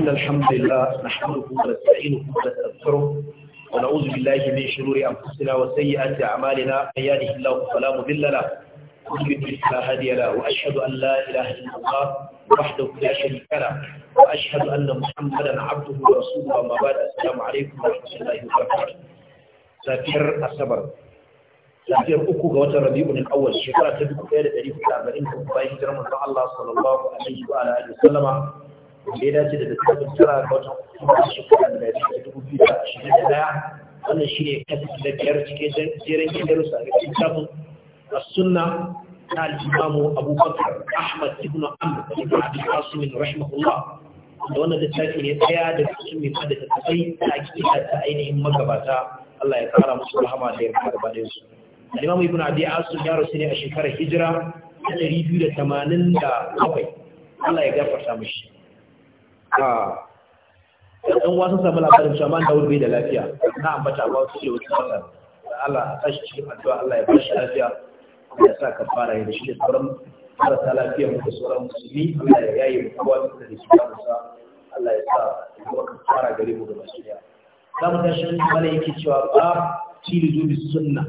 إن الحمد لله نحمده ونستعينه ونستغفره ونعوذ بالله من شرور أنفسنا وسيئات أعمالنا من يهده الله فلا مضل له ومن فلا هادي له وأشهد أن لا إله إلا الله وحده لا شريك له وأشهد أن محمدا عبده ورسوله أما بعد السلام عليكم ورحمة الله وبركاته ذاكر الصبر ذاكر أكو ga ربيع الأول شكرا awwal shekara ta 1440 bayan hijirar manzon Allah sallallahu alaihi wa alihi wa da ya dace da littafin tara ga watan kuma shekarar da ya dubu biyu da ashirin da daya wannan shi ne kasu da biyar cikin jerin gidan sa ga A sunna na al'imamu abubakar ahmad ibn amr ibn abi qasim rahimahullah da wannan littafi ne tsaya da cikin mai fada ta tsayi ta ake akida ta ainihin magabata Allah ya kara musu rahama da yarda gaba da su al ibn abi asim ya rasu ne a shekarar hijira ta ɗari biyu da da tamanin 287 Allah ya gafarta mishi a ah. ɗan wasu samu labarin cewa man dawo bai da lafiya na ambata ba su ce wasu sallar Allah a tashi cikin addu'a Allah ya bashi lafiya ya sa ka fara yin shi da sauran marasa lafiya mu da sauran musulmi Allah ya yaye mu kowa da da shi musa Allah ya sa kuma ka fara gare mu da masu ya za mu tashi mana yake cewa ba tili zubi sunna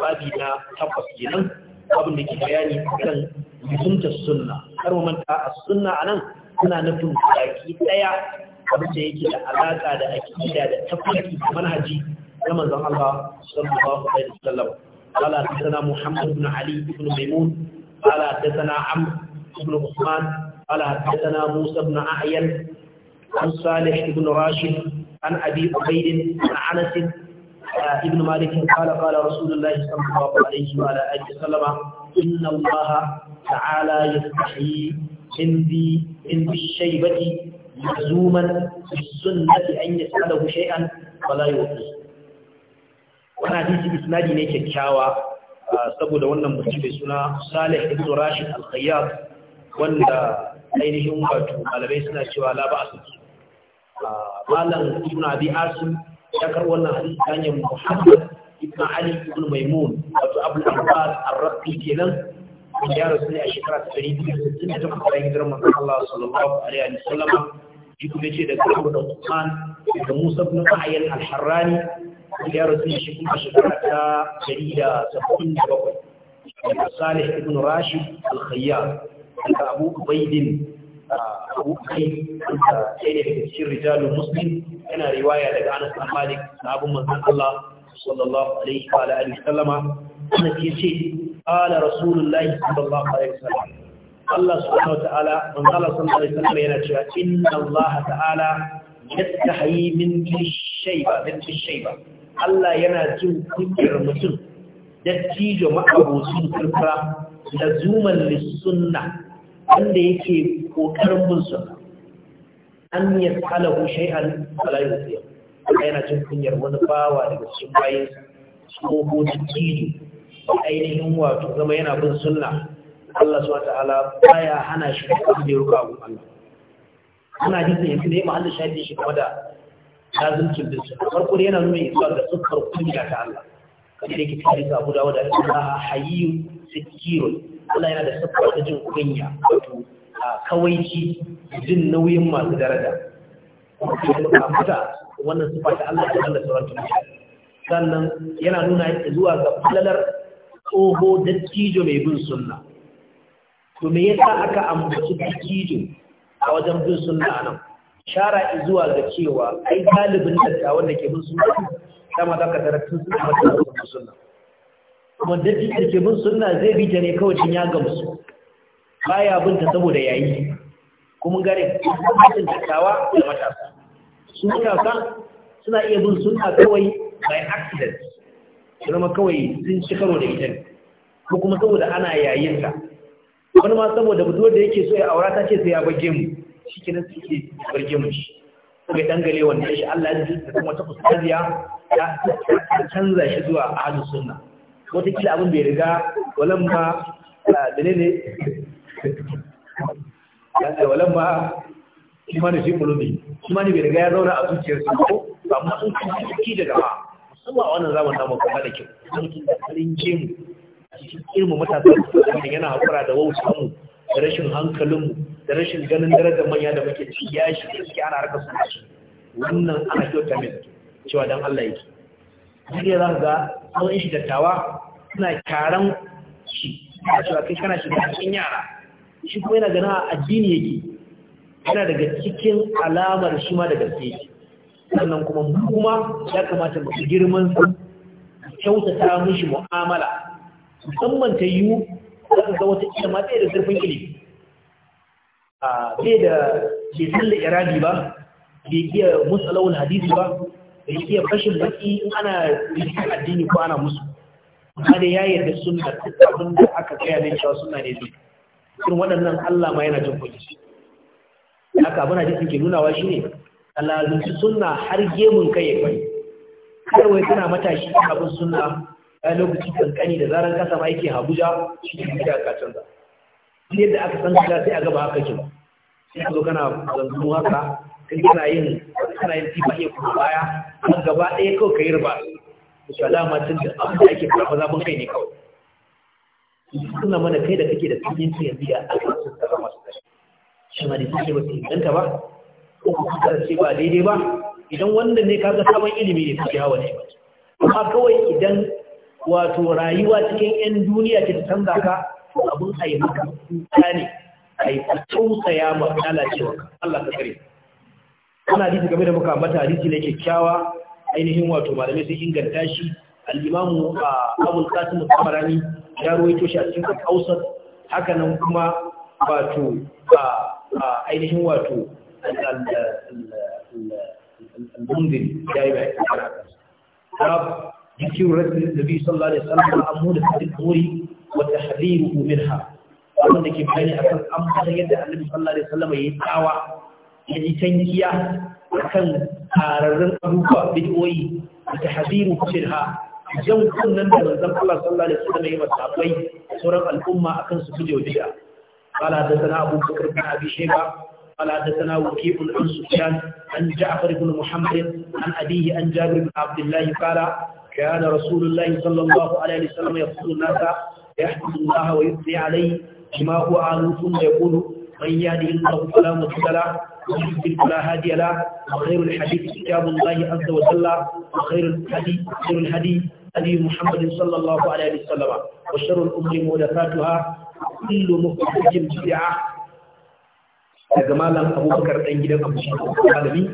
babi na tabbas kenan abin da ke bayani kan mutunta sunna kar mu manta a sunna anan suna nufin ɗaya. daya abinda yake da alaka da akida da tafarki da manhaji na manzon Allah sallallahu alaihi wasallam qala sana muhammad ibn ali ibn maimun qala sana am ibn usman qala sana musa ibn ahyan an salih ibn rashid an abi ubayd an anas ibn malik qala qala rasulullah sallallahu alaihi wa alihi wasallam inna allaha ta'ala yastahi من ذي من ذي الشيبة ملزوما بالسنة أن يسأله an فلا يوفيه wani hadisi isnadi ne kyakkyawa saboda wannan mutum mai suna Salih ibn Rashid al-Khayyab wanda ainihin wato malamai suna cewa la ba su malam ibn Abi Asim ya karɓi wannan hadisi ta hanyar Muhammad ibn Ali ibn Maimun wato Abu Abbas al rafi kenan ya rasu ne a shekara ta ɗari biyu da sittin da takwas bayan hijirar manzon Allah sallallahu alaihi wa sallam shi kuma ce da Abu da Usman da Musa ibn Ayyan al-Harrani ya rasu ne shi kuma shekara ta ɗari da saba'in da bakwai daga Salih ibn Rashid al-Khayyar daga Abu Ubaidin Abu Ubaid da ɗaya ne daga cikin rijalun Muslim yana riwaya daga Anas bin Malik sahabin manzon Allah sallallahu alaihi wa alihi wa sallama Anas ya ce qala rasulullahi sallallahu alaihi wasallam Allah subhanahu cewa inna Allah ta'ala yastahi min shayba min Allah yana jin kunyar mutum dattijo ma'abocin da zuman lissunna wanda yake kokarin yana jin kunyar wani bawa daga cikin bayin ainihin wato zama yana bin sunna Allah subhanahu wataala baya hana shi abin da ya ruka abun Allah ana jinsa yanzu ne mahallin shafi shi kuma da lazimcin bin sunna farko yana nuna zuwa ga tsukar kunya ta Allah kamar yake tare da Abu Dawud da Allah hayyu sikirun Allah yana da siffar da jin kunya wato ci jin nauyin masu daraja mata wannan sifa ta Allah da Allah sauran tunani sannan yana nuna zuwa ga falalar tsoho dattijo mai bin sunna Ku me yasa aka ambaci dattijo a wajen bin sunna nan shara zuwa ga cewa ai galibin dattawan da ke bin sunna dama za ka tarattun suna mata da sunna kuma dattijo da ke bin sunna zai bi ta ne kawai cin ya gamsu baya bin ta saboda yayi kuma gare mutum dattawa da matasa su suna iya bin sunna kawai by accident ya zama kawai sun ci karo da ita ko kuma saboda ana yayin ta wani ma saboda budo da yake so ya aura ta ce sai ya bage mu shikenan suke suke bage mu shi kai dangale wannan shi Allah ya ji da kuma ta fuskariya ya canza shi zuwa ahlus sunna wata kila abin bai riga walan ma dalile walan ma imani fi qulubi ne bai riga ya zauna a zuciyarsa ko ba mu sun ci daga ba musamman a wannan zamanin mu kuma da kyau mutum da farin jemu a cikin ilmu matasa da yana haƙura da wauta mu da rashin hankalinmu da rashin ganin darajar manya da muke ci ya shi gaske ana harkar suna shi wannan ana ta mai cewa don Allah yake duk da za ga yi shi dattawa suna kyaran shi a cewa kai kana shi da cikin yara shi kuma yana gana addini yake yana daga cikin alamar shi ma da gaske yake sannan kuma mu kuma ya kamata mu girman su kyautata mishi mu'amala musamman ta yiwu ka ga wata iya ma da zurfin ilimi a bai da ke tsalle iradi ba bai iya musalawul hadisi ba bai iya fashin baki in ana rikin addini ko ana musu amma da ya yarda sunna abin da aka kaya min cewa sunna ne zai irin waɗannan Allah ma yana jin kuɗi haka abin da ke nunawa shine ka suna har gemun kai ya fari kar wai matashi abin suna sunna a lokacin kankani da zarar kasa ma yake Abuja shi ne gida ka canza yadda aka san ka sai a gaba haka ki sai ka zo kana zanzu haka kai kana yin kana yin tifa iya kuma baya kan gaba ɗaya kawai ka yi riba to alama tun da abin da ake fara zaɓin kai ne kawai suna mana kai da kake da tunyanci yanzu ya kan sun kama masu kashi shi ma da suke ba su inganta ba ko ku karance ba daidai ba idan wanda ne kaga sabon ilimi ne kaji hawa ne ba amma kawai idan wato rayuwa cikin yan duniya ke canza ka abun a yi maka kuka ne a yi tausaya ma lalacewa Allah ka kare ana hadisi game da muka mata hadisi ne kyakkyawa ainihin wato malamai sun inganta shi al-imamu abul qasim al-tabarani ya ruwaito shi a cikin al-awsat haka nan kuma wato ainihin wato المنذري جايب باب ذكر النبي صلى الله عليه وسلم عمودة الأمور وتحذيره منها abin da ke bayani akan kan an fara yadda annabi sallallahu alaihi wasallam ya tawa, tsawa ya yi tankiya akan tararrun abubuwa bid'o'i da hadiru shirha jan kunnan da manzon Allah sallallahu alaihi wasallam ya masa sauran al'umma akan su guje wa bid'a qala hadathana abu bakr bin abi shayba قال حدثنا وكيع عن سفيان عن جعفر بن محمد عن أبيه عن جابر بن عبد الله قال كان رسول الله صلى الله عليه وسلم يقول الناس يحمد الله ويثني عليه بما هو عنه ثم يقول من يهده الله فلا مضل له ومن يضلل فلا هادي له وخير الحديث كتاب الله عز وجل وخير الهدي خير الهدي هدي محمد صلى الله عليه وسلم وشر الامور محدثاتها كل محدثه بدعه daga malam abubakar ɗan gidan abu shi malami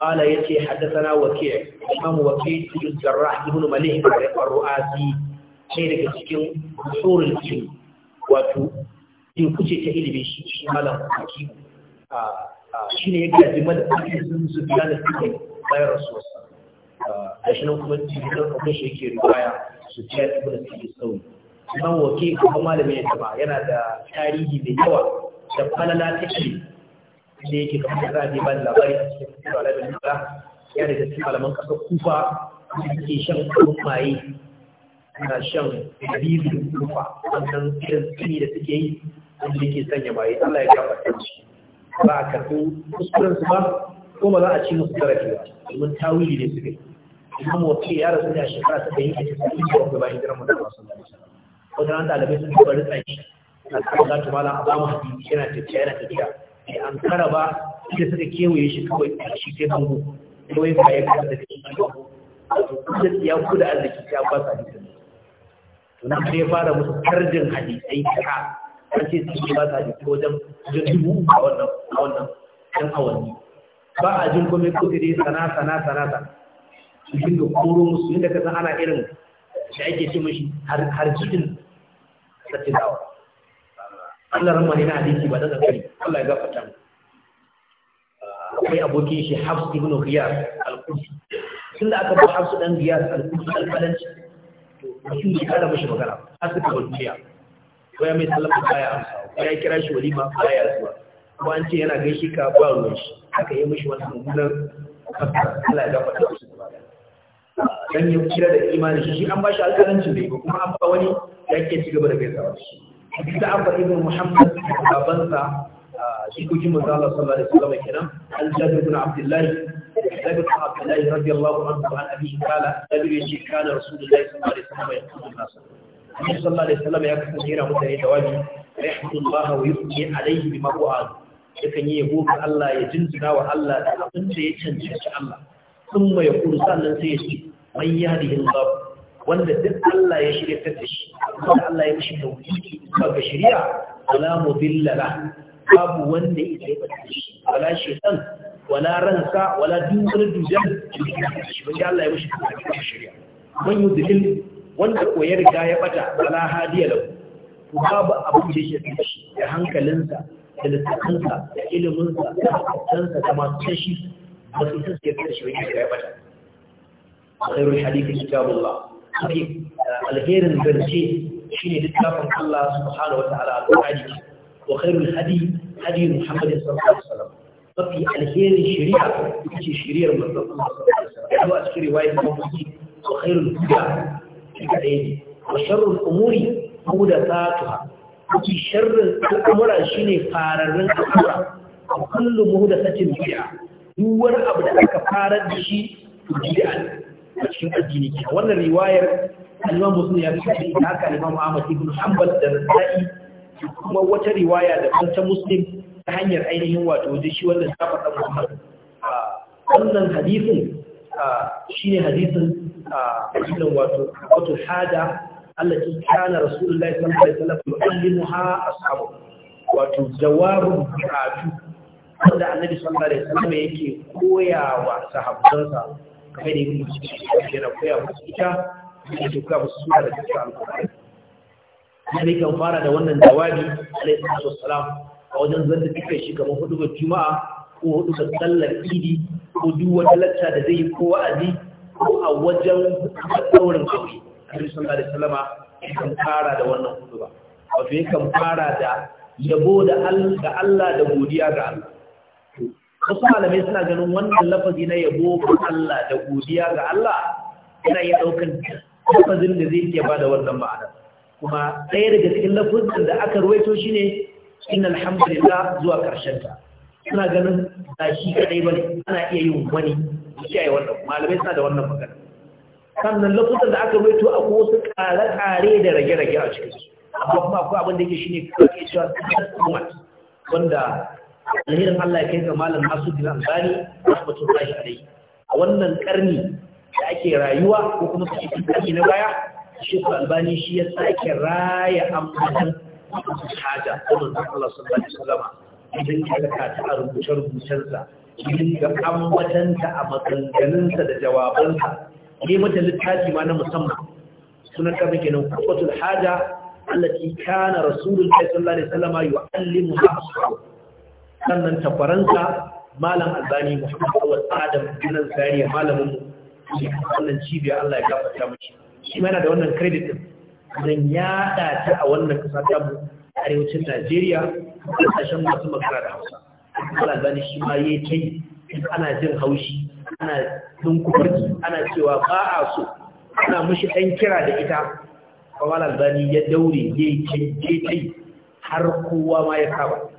قال يتي حدثنا وكيع إمام وكيع بن الجراح بن مليح الرؤاسي sai daga cikin usul al-ilm wato in kuce ta ilimi shi shi malam hakim a ne ya gaji malamin sun su biya da kai bayan rasul a shi nan kuma cikin kuma shi yake riwaya su ta ibn sa'id sawi imam waki kuma malami ya ba yana da tarihi mai yawa da falala ta ilimi da yake kamar da za ban ba labari a cikin kusurwa da lura. ya da cikin malaman ƙasar kufa da suke shan kurun maye ana shan da kufa wannan irin tsini da suke yi wanda yake sanya maye Allah ya ta shi ba a karɓi kuskuren su ba ko ba za a ci musu zarafi ba domin tawili ne suke imam wakil ya rasu ne a shekara ta da yi da ta sa'in da bayan jiran mutum masu lalata wata ran ɗalibai sun taɓa rutsa shi za ta mala a bamu hadisi yana tafiya yana tafiya sai an kara ba sai suka kewaye shi kawai a shi sai bango kawai ba ya kara da shi da ya ku da arziki ya ba su hadisin to na sai fara musu tarjin hadisai ka an ce su ba su hadisi wajen dubu a wannan a wannan ɗan awanni ba a jin kome kuɗi dai sana sana sana sana su dinga koro musu inda ka san ana irin da ake ce mashi har jikin sattilawa Allah ran ne na hadisi ba daga kai Allah ya gafarta mu akwai abokin shi Hafs ibn Riyad al-Qusi tun da aka ba Hafs dan Riyad al-Qusi al-Falanci to mutum ya kada mishi magana har suka wajiya ko ya mai sallama baya amsa ya kira shi walima baya zuwa ko an ce yana gaishe ka ba ruwan shi aka yi mishi wani mummunan Allah ya gafarta mishi dan yau kira da imani shi an ba shi da ne kuma an ba wani ya ke ci gaba da gaisawa shi da abba ibn muhammad babansa jikokin manzo Allah sallallahu alaihi wasallam kenan an jabir ibn abdullah jabir ibn abdullah radiyallahu anhu an abi kala jabir yace kana rasulullahi sallallahu alaihi wasallam ya kuma nasu Nabi sallallahu alaihi wasallam ya kasance yana mutane jawabi rahmatullah wa yuqi alaihi bima huwa yakan yi yabo ga Allah ya jinjina wa Allah da abin da ya cancanci Allah thumma yaqulu sallan sai ya ce man yahdihi Allah wanda duk Allah ya shirya ta shi wanda Allah ya mishi tauhidi zuwa ga shari'a wala mudilla babu wanda yake bata shi wala shaytan wala ransa wala duk dujan wanda Allah ya mishi tauhidi zuwa shari'a man yudhil wanda ko riga ya bata wala hadiya da to babu abin da ya shi da hankalinsa da lissafinsa da iliminsa da hankalinsa da masu shi ba su isa su yi shi wani ya bata خير الحديث كتاب الله Eh, alherin zance shine littafin Allah subhanahu wataala al-Qur'ani wa khairul hadi hadi Muhammad sallallahu alaihi wasallam mafi alherin shari'a ita ce shari'ar manzon Allah sallallahu alaihi a cikin riwayar Bukhari wa khairul huda shi kadai ne wa sharrul umuri tuha, mafi sharrin al'amura shine fararren al'amura a kullu muhdathatin bid'a duk wani abu da aka farar da shi bid'a ne a cikin addini ke wannan riwayar al-Imam Muslim ya fi da haka al-Imam Ahmad ibn Hanbal da Nasa'i kuma wata riwaya da kan ta Muslim ta hanyar ainihin wato da shi wannan safa da Muhammad wannan hadisin shine hadisin hadisin wato wato hada allati kana Rasulullahi sallallahu alaihi wasallam yu'allimuha ashabu wato jawabun bukatu wanda annabi sallallahu alaihi wasallam yake koyawa sahabbansa kamar da yin musu yana koya musu ita da ke koya musu suna da cikin alkur'ani yana kan fara da wannan jawabi alaihi salatu wassalam a wajen zanta cikin shi kamar hudu ga juma'a ko hudu ga tsallar idi ko duk wata lacca da zai yi ko wa'azi ko a wajen tsaurin kawai alaihi salatu ya kan fara da wannan hudu ba wato ya kan fara da yabo da Allah da godiya ga Allah wasu malamai suna ganin wannan lafazi na yabo ga Allah da godiya ga Allah yana yin daukan lafazin da zai iya bada wannan ma'ana kuma ɗaya daga cikin lafazin da aka ruwaito shine inna alhamdulillah zuwa karshen ta suna ganin ba shi kadai bane ana iya yin wani shi ai wannan malamai suna da wannan magana sannan lafazin da aka ruwaito akwai wasu kare-kare da rage-rage a cikin su amma kuma akwai abin da yake shine kake cewa wanda alherin Allah ya kai ga malam Nasiruddin Albani rahmatullahi alayhi a wannan karni da ake rayuwa ko kuma kace karni na baya Sheikh Albani shi ya sake raya ambatan hada Allah sallallahu alaihi wasallam idan ya ga ta a rubuce rubucensa idan ga ambatanta a maganganunsa da jawabansa ne mata littafi ma na musamman sunan ka muke nan kubatul hada allati kana rasulullahi sallallahu alaihi wasallam yu'allimu ashabahu sannan tafaransa malam albani muhammadu awal adam nan zariya malamin mu wannan cibiya Allah ya gafarta mashi shi ma da wannan credit din ya yada ta a wannan kasa ta mu arewacin Najeriya kasashen masu magana da Hausa malam albani shi ma yayi kai ana jin haushi ana kuburki, ana cewa ba a so ana mushi ɗan kira da ita malam albani ya daure yayi kai har kowa ma ya kaba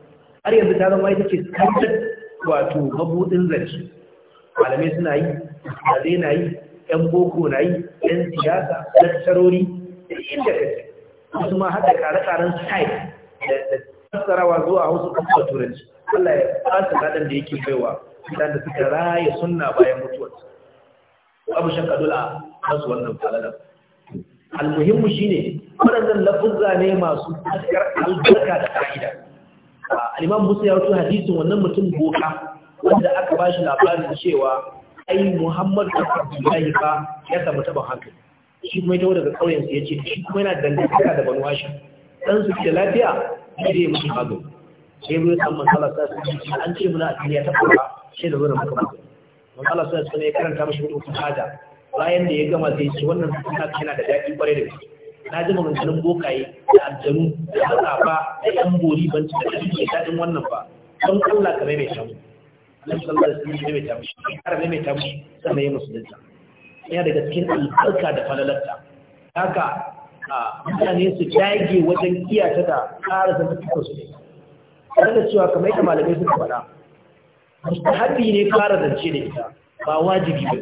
har yanzu ta zama ita ce kantar wato mabudin zance malamai suna yi zai na yi yan boko na yi yan siyasa tsarori da inda ce wasu ma haɗa ƙare-ƙaren style da tsarawa zuwa hausa kuma turanci Allah ya fasa ladan da yake baiwa idan da suka raya sunna bayan mutuwar abu shakka dula masu wannan falalar almuhimmu shine waɗannan lafuzza ne masu fuskar albarka da ƙa'ida alimam imam musa ya wato hadisin wannan mutum boka wanda aka ba shi labarin cewa ai muhammad da abdullahi ba ya samu taɓa haka shi kuma ya daga ƙauyen ya ce shi kuma yana dangantaka da banu hashim dan su ke lafiya sai dai mutum hazo sai mu san matsala sa su ce an ce muna a duniya ta fara sai da zuwa muka mutu matsala sa su ne karanta mashi hudu mutum haja bayan da ya gama zai ce wannan suna yana da daɗi kwarai da gaske na ji maganganun bokaye da aljanu da matsafa da yan bori ban ci da shi ke daɗin wannan ba don Allah ka maimaita mu annabi sallallahu alaihi wasallam maimaita mu kar maimaita mu sannan ya musulunta yana daga cikin albarka da falalarta haka mutane su dage wajen kiyata da ƙara zama cikin su ne tare da cewa kamar yadda malamai suka faɗa mustahabi ne fara zance da ita ba wajibi ba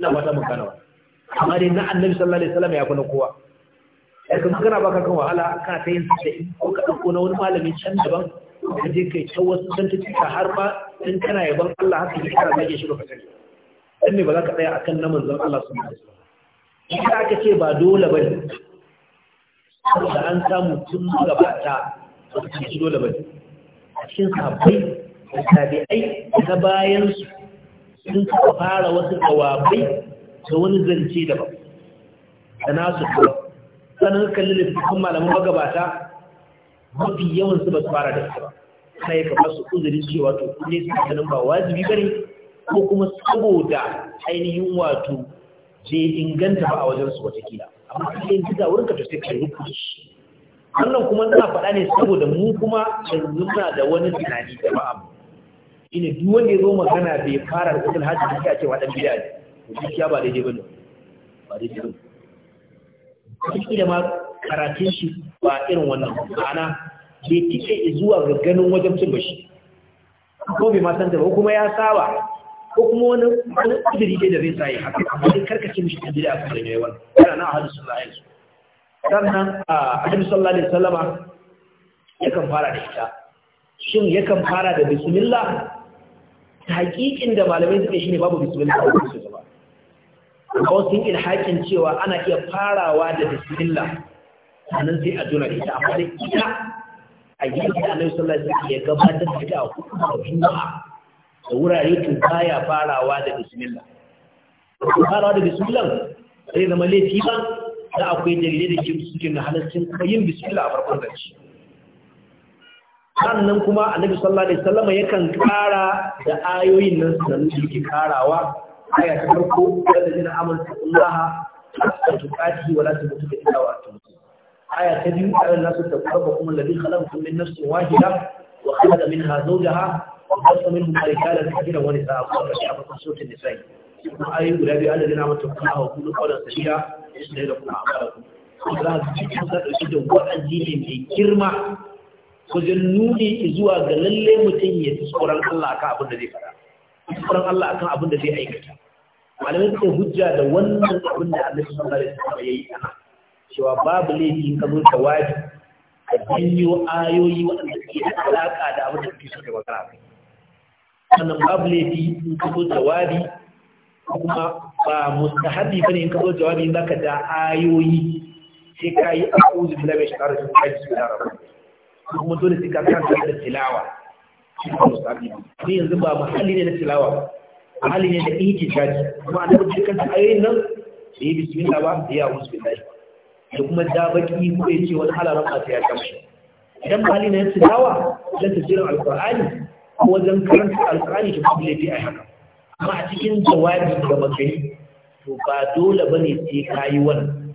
ina wata mun ba. amma dai na annabi sallallahu alaihi wasallam ya kuna kowa daga magana ba ka kan wahala kana ta yin sai ko ka ɗauko na wani malami can daban ka je kai ta wasu cika har ba in kana yaban Allah haka ne kana zage shi ba ka sani dan ne ba za ka tsaya akan na manzon Allah su wa ta'ala idan aka ce ba dole ba ne saboda an samu tun gabata ba su ci dole ba ne a cikin sabai da tabi'ai ta bayan su sun fara wasu kawabai da wani zance daban da nasu kawabai sanin kalli littattafan malaman magabata mafi yawan su ba su fara da su ba ana yi kafa su uzurin cewa wato kuma su sanin ba wajibi bane ko kuma saboda ainihin wato je inganta ba a wajen su watakila amma a cikin gida wurin ka tafi kai ka shi wannan kuma ina faɗa ne saboda mu kuma yanzu muna da wani tunani ba mu Ina duk wanda ya zo magana bai fara da kusul hajji da ake wa dan bid'a ne ba daidai ba ne ba daidai ne. wataƙila ma karatun shi ba irin wannan ma'ana bai tike zuwa ga ganin wajen cin bashi ko bai ma san da ko kuma ya saba ko kuma wani wani kudiri da zai sa yi haka amma dai karkace mishi kudiri a kan yayi wannan yana na ahadu sallallahu alaihi wasallam sannan ahadu sallallahu alaihi wasallama kan fara da ita shin ya kan fara da bismillah hakikin da malamai suke shine babu bismillah a ko sun ilhakin cewa ana iya farawa da bismillah sannan sai a tuna ita amma da ita a yanzu da annabi sallallahu alaihi wasallam ya gabatar da ita a hukumar juma'a da wurare to baya farawa da bismillah ko farawa da bismillah sai zama laifi ba da akwai dalilai da ke suke na halaccin kuma yin bismillah a farkon zance sannan kuma annabi sallallahu alaihi wasallam yakan kara da ayoyin nan sannan yake karawa aya ta farko wanda jina amurka kullaha hatta tukati wala tamutu illa wa antum aya ta biyu ayar nasu ta kuma kuma ladin khalaqakum min nafsin wahida wa khalaqa minha zawjaha wa khalaqa minhum rijalan kathiran wa nisaa wa qasha'a fi suratul nisaa kuma ayi guda biyu Allah yana mata kuma hawa kullu qawlan sabila isna da kuma amalakum za su ci kusa da shi da wa'azi ne mai girma wajen nuni zuwa ga lalle mutum ya tsoron Allah akan abin da zai fara tsoron Allah akan abin da zai aikata malamai suke hujja da wannan abin da annabi sallallahu alaihi wasallam yayi cewa babu laifi in ka zo tawaji ka janyo ayoyi waɗanda suke da alaƙa da abin da suke so da magana kai sannan babu laifi in ka zo jawabi, kuma ba mustahabi bane in ka zo jawabi in zaka da ayoyi sai ka yi a'udhu billahi minash shaitanir rajim kai su da rabu kuma dole sai ka kanta da tilawa shi ba mustahabi ne yanzu ba muhalli ne na tilawa hali ne da ihtijaji kuma annabi dukkan ayoyin nan da yi bismillah ba da ya yawo bismillah da kuma da baki ko ya ce wani halaran ba sai ya kamshi idan hali ne tilawa da tafsirin alqur'ani ko wajen karanta alqur'ani to kuma laifi a haka amma a cikin jawabi ga magani to ba dole ba ne sai ka yi wannan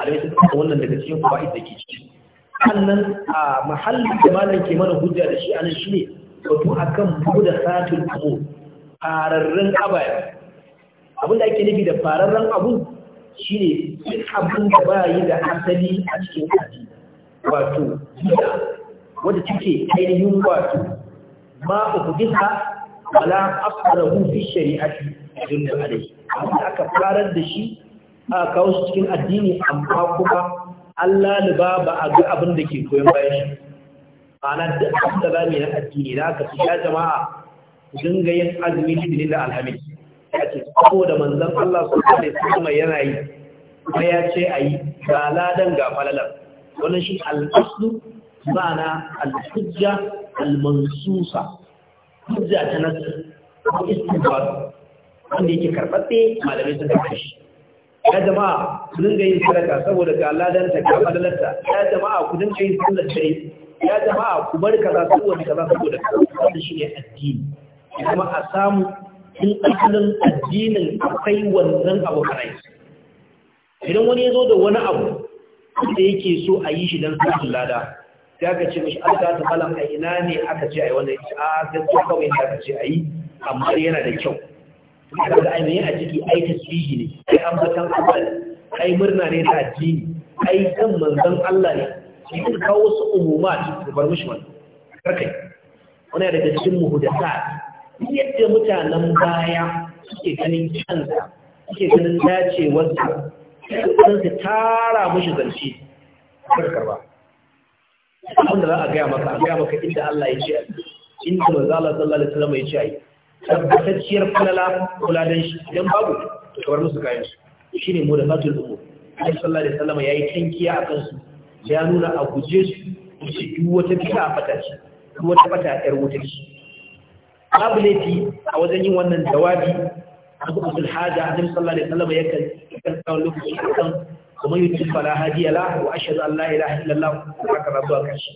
alai sun ka wannan daga cikin fawaid da ke ciki sannan a mahallin da malam ke mana hujja da shi anan shine wato akan mudasatul umur fararren abu abin da ake nufi da fararren abu shine duk abin da ba yi da asali a cikin aji wato gida wadda cike ainihin wato ma gisa wala asarahu fi shari'ati dun alai abin da aka farar da shi a kawo su cikin addini amma kuma Allah liba ba a ga abin da ke koyon bayan shi ma'ana duk abin da za mu na addini da aka fi ya jama'a ku dinga yin azumi litinin da alhamis ya ce saboda manzon Allah sallallahu alaihi wasallam yana yi kuma ya ce ayi ga ladan ga falalan wannan shi al-aslu ma'ana al-hujja al-mansusa hujja ta nasu ko istinbat wanda yake karbatse malamai sun karɓe shi ya jama'a ku dinga yin sadaka saboda ga ladan ta ga ta ya jama'a ku dinga yin sallar dare ya jama'a ku bar kaza saboda kaza saboda kaza wannan shine addini kuma a samu in ƙasirin addinin akwai wannan abu karai idan wani ya zo da wani abu da yake so a yi shi don samun lada ya ka ce mashi alka ta malam a ina ne aka ce a yi wannan a ah, gaske kawai da aka ce a yi amma yana da kyau daga ainihin a ciki ai tasbihi ne ai ambatan abal ai murna ne da addini ai kan manzan Allah ne shi kawo su umuma da bar mishi wani karkai wannan daga cikin sa yadda mutanen baya suke ganin canza, suke ganin dacewarsa sun su tara mashi zance karkar ba abinda za a gaya maka a gaya maka inda Allah ya ce inda maza Allah sallallahu alaihi wasallam ya ce ai tabbatacciyar kulala kula dan shi idan babu kawar musu kayan su shine mu da fatul umur Allah sallallahu alaihi wasallam yayi tankiya akan su ya nuna a guje su shi duk wata bid'a fata ce duk wata yar wuta ce babu laifi a wajen yin wannan jawabi a bukutul hada annabi sallallahu da wasallam yakan yakan kawo lokaci kan kuma yuti fara hadiya la wa ashhadu an la ilaha illallah haka rabu a kashi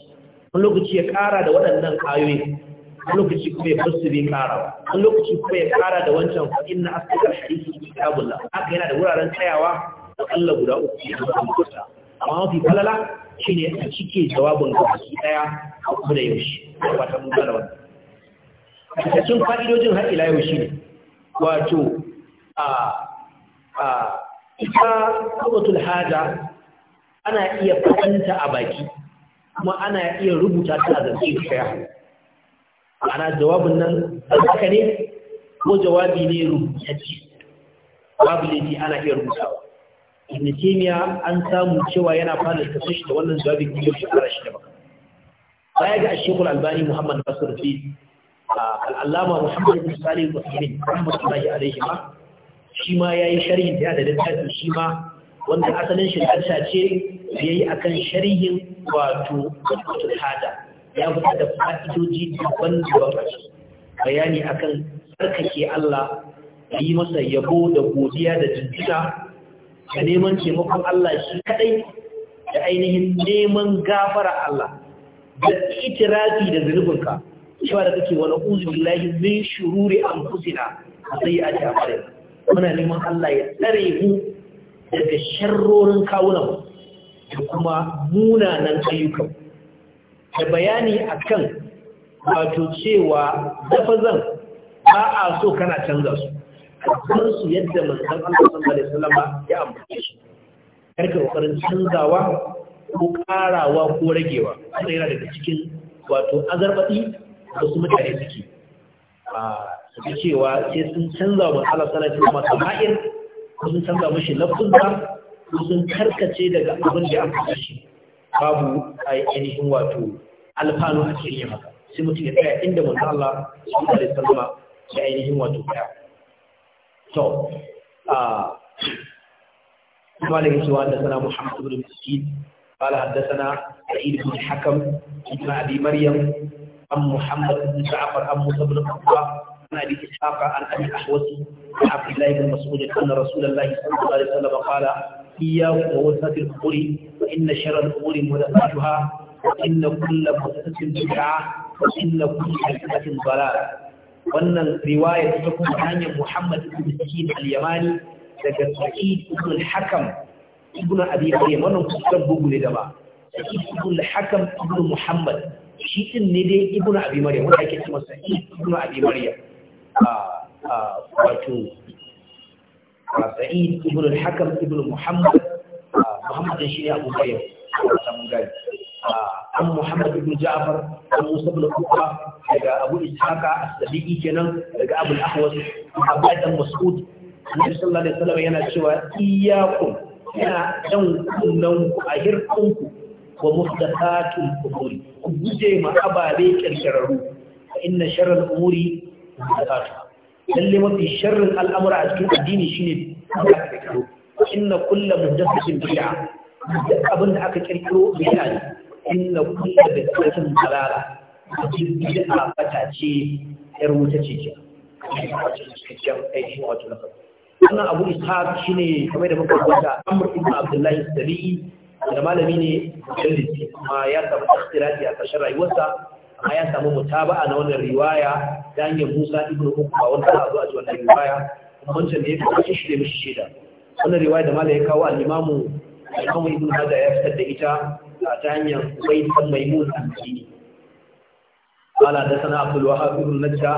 wani lokaci ya kara da waɗannan ayoyi wani lokaci kuma ya fasu bin kara wani lokaci kuma ya kara da wancan na inna asdaqal hadisi kitabullah haka yana da wuraren tsayawa da Allah guda uku ya rubuta amma mafi falala ne a cike jawabin gaba a kuma da yaushe ba ta mun gane wannan cikin fa'idojin har ila yau ne wato a a ita kawatul haja ana iya fadanta a baki kuma ana iya rubuta ta a zance kaya. ana jawabin nan haka ne ko jawabi ne rubutacce babu laifi ana iya rubutawa ibn taymiya an samu cewa yana fara tafi shi da wannan jawabi ko shi ara shi da baka baya ga shekul albani muhammad basir fi al'allama muhammadu bin salih musulmin muhammadu alaihi ma shi ma ya yi sharhin ta da littafin shi ma wanda asalin shi harsha ce ya yi a kan sharhin wato wato hada ya fita da fa'idoji daban-daban bayani akan tsarkake Allah yi masa yabo da godiya da jinjina da neman taimakon Allah shi kadai da ainihin neman gafara Allah da itirafi da zunubinka cewa da take wani zai billahi min shururi anfusina a sai a muna neman Allah ya tsare mu daga sharrorin kawunan da kuma munanan ayyukan da bayani akan wato cewa dafazan ba a so kana canza su kamar su yadda manzon Allah sallallahu alaihi salama ya ambace su karka kokarin canzawa ko karawa ko ragewa wannan yana daga cikin wato azarbadi wasu mutane suke a suke cewa sai sun canza wa Allah sallallahu alaihi wasallam sama'ir ko sun canza mishi lafzunsa ko sun karkace daga abin da aka shi babu ai ainihin wato alfanu a cikin yin haka sai mutum ya tsaya inda manzo Allah sallallahu alaihi wasallam ya ainihin wato tsaya to a kuma da مالك سوى sana محمد بن مسكين قال حدثنا سعيد بن الحكم ابن ابي مريم am muhammad ibn ja'far am musa ibn abdullah da abi ishaq an abi ahwas an abdullah ibn mas'ud anna rasulullah sallallahu alaihi wasallam qala iyyakum wa wasati al-quri wa inna sharra al-umuri mudathatuha wa inna kulla mudathatin bid'ah wa inna kulla bid'atin dalal wannan riwaya ta kuma hanyar muhammad ibn sakin al daga sa'id ibn al-hakam ibn abi bayyan wannan kusurar da ba sa'id ibn al-hakam ibn muhammad shi din ne dai ibnu abi mariya wanda ake cewa sai ibnu abi mariya a a wato sa'id ibnu al-hakam ibnu muhammad muhammad shi ne abu maryam samun gari an muhammad ibn ja'far an musa ibn kufa daga abu ishaqa as-sabi'i kenan daga abu al-ahwas abdullah dan mas'ud annabi sallallahu alaihi wasallam yana cewa iyyakum yana dan kunnan ku wa muhdathatul umuri ku guje ma ababe kirkirarru fa inna sharral umuri muhdathatuha lalle mafi sharrin al'amura a cikin addini shine kirkiro inna kullu muhdathatin bid'a duk abin da aka kirkiro bid'a ne inna kullu bid'atin dalala bid'a bata ce yar wuta ce ke wannan abu ishaq shine kamar da muka gwada amr ibn abdullahi sabi'i da malami ne mujallisi amma ya samu ikhtilafi a kashin rayuwarsa amma ya samu mutaba'a na wannan riwaya ta hanyar Musa ibn Ukba wanda za a zo a ji wannan riwaya kuma wancan da ya kawo shi da mishi shaida wannan riwaya da malami ya kawo al-Imamu al-Imamu Ibn Hajar ya fitar da ita ta hanyar Ubayd bin Maimun al-Kini قال حدثنا عبد الوهاب بن نجدة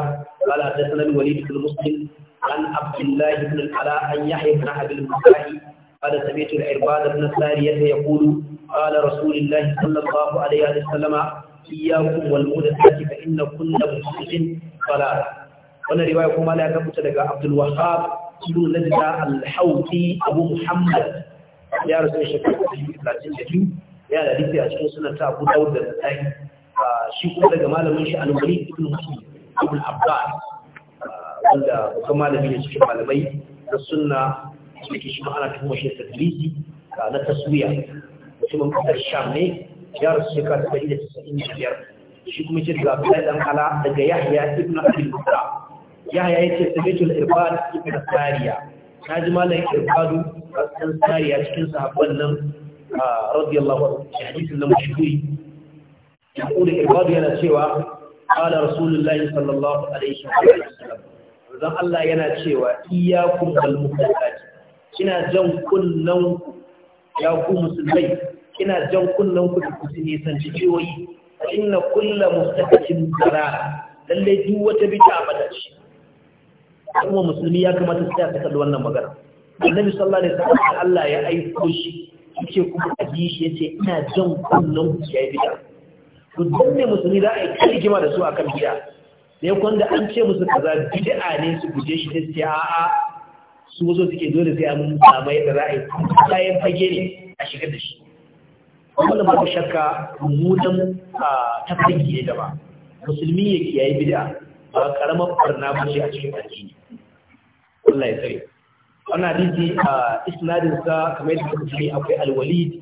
قال حدثنا الوليد بن مسلم عن عبد الله بن العلاء عن يحيى بن ابي المصاحي قال سمعت العرباد بن السارية يقول قال رسول الله صلى الله عليه وسلم إياكم والمودثات فإن كل مسلم ضلالة وانا رواية كما لا يكفت عبد الوهاب ابن لجدة الحوثي أبو محمد يا رسول الله شكرا يا لديك أشكو سنة أبو داود النسائي shi kuma daga malamin shi al-walid ibn muslim ibn abbas wanda kuma malami ne cikin malamai na sunna da shi ana tuhuma da na taswiya mutumin kasar sham ne ya rasu shekara ta da casa'in da shi kuma ce daga abdullahi dan ala daga yahya ibn abdul musa yahya ya ce sabitul irbad ibn sariya na ji malam irbadu dan sariya cikin sahabban nan radiyallahu anhu hadisin na mashhuri يقول إرباد ينا سوى قال رسول الله صلى الله عليه وسلم وزن الله ينا سوى إياكم والمهدفات Kina jan kunnen ya ku musulmai kina jan kunnen ku da ku nisan ciwoyi inna kullu mustaqim dara lalle duk wata bid'a madaci kuma musulmi ya kamata su tsaya kalli wannan magana annabi sallallahu alaihi wasallam Allah ya aiko shi yake kuma aji shi yace ina jan kullun ku ya bita to dan ne musulmi da ai yi kalgima da su akan bid'a sai kun da an ce musu kaza bid'a ne su guje shi sai a'a su so suke dole sai an samu yadda za a yi kayan fage ne a shigar da shi wanda ku shakka a tafarki ne da ba musulmi ya kiyaye bid'a ba karamar barna ba shi a cikin addini Allah ya tsare wannan hadisi a isnadin sa kamar yadda kuka sani akwai al-Walid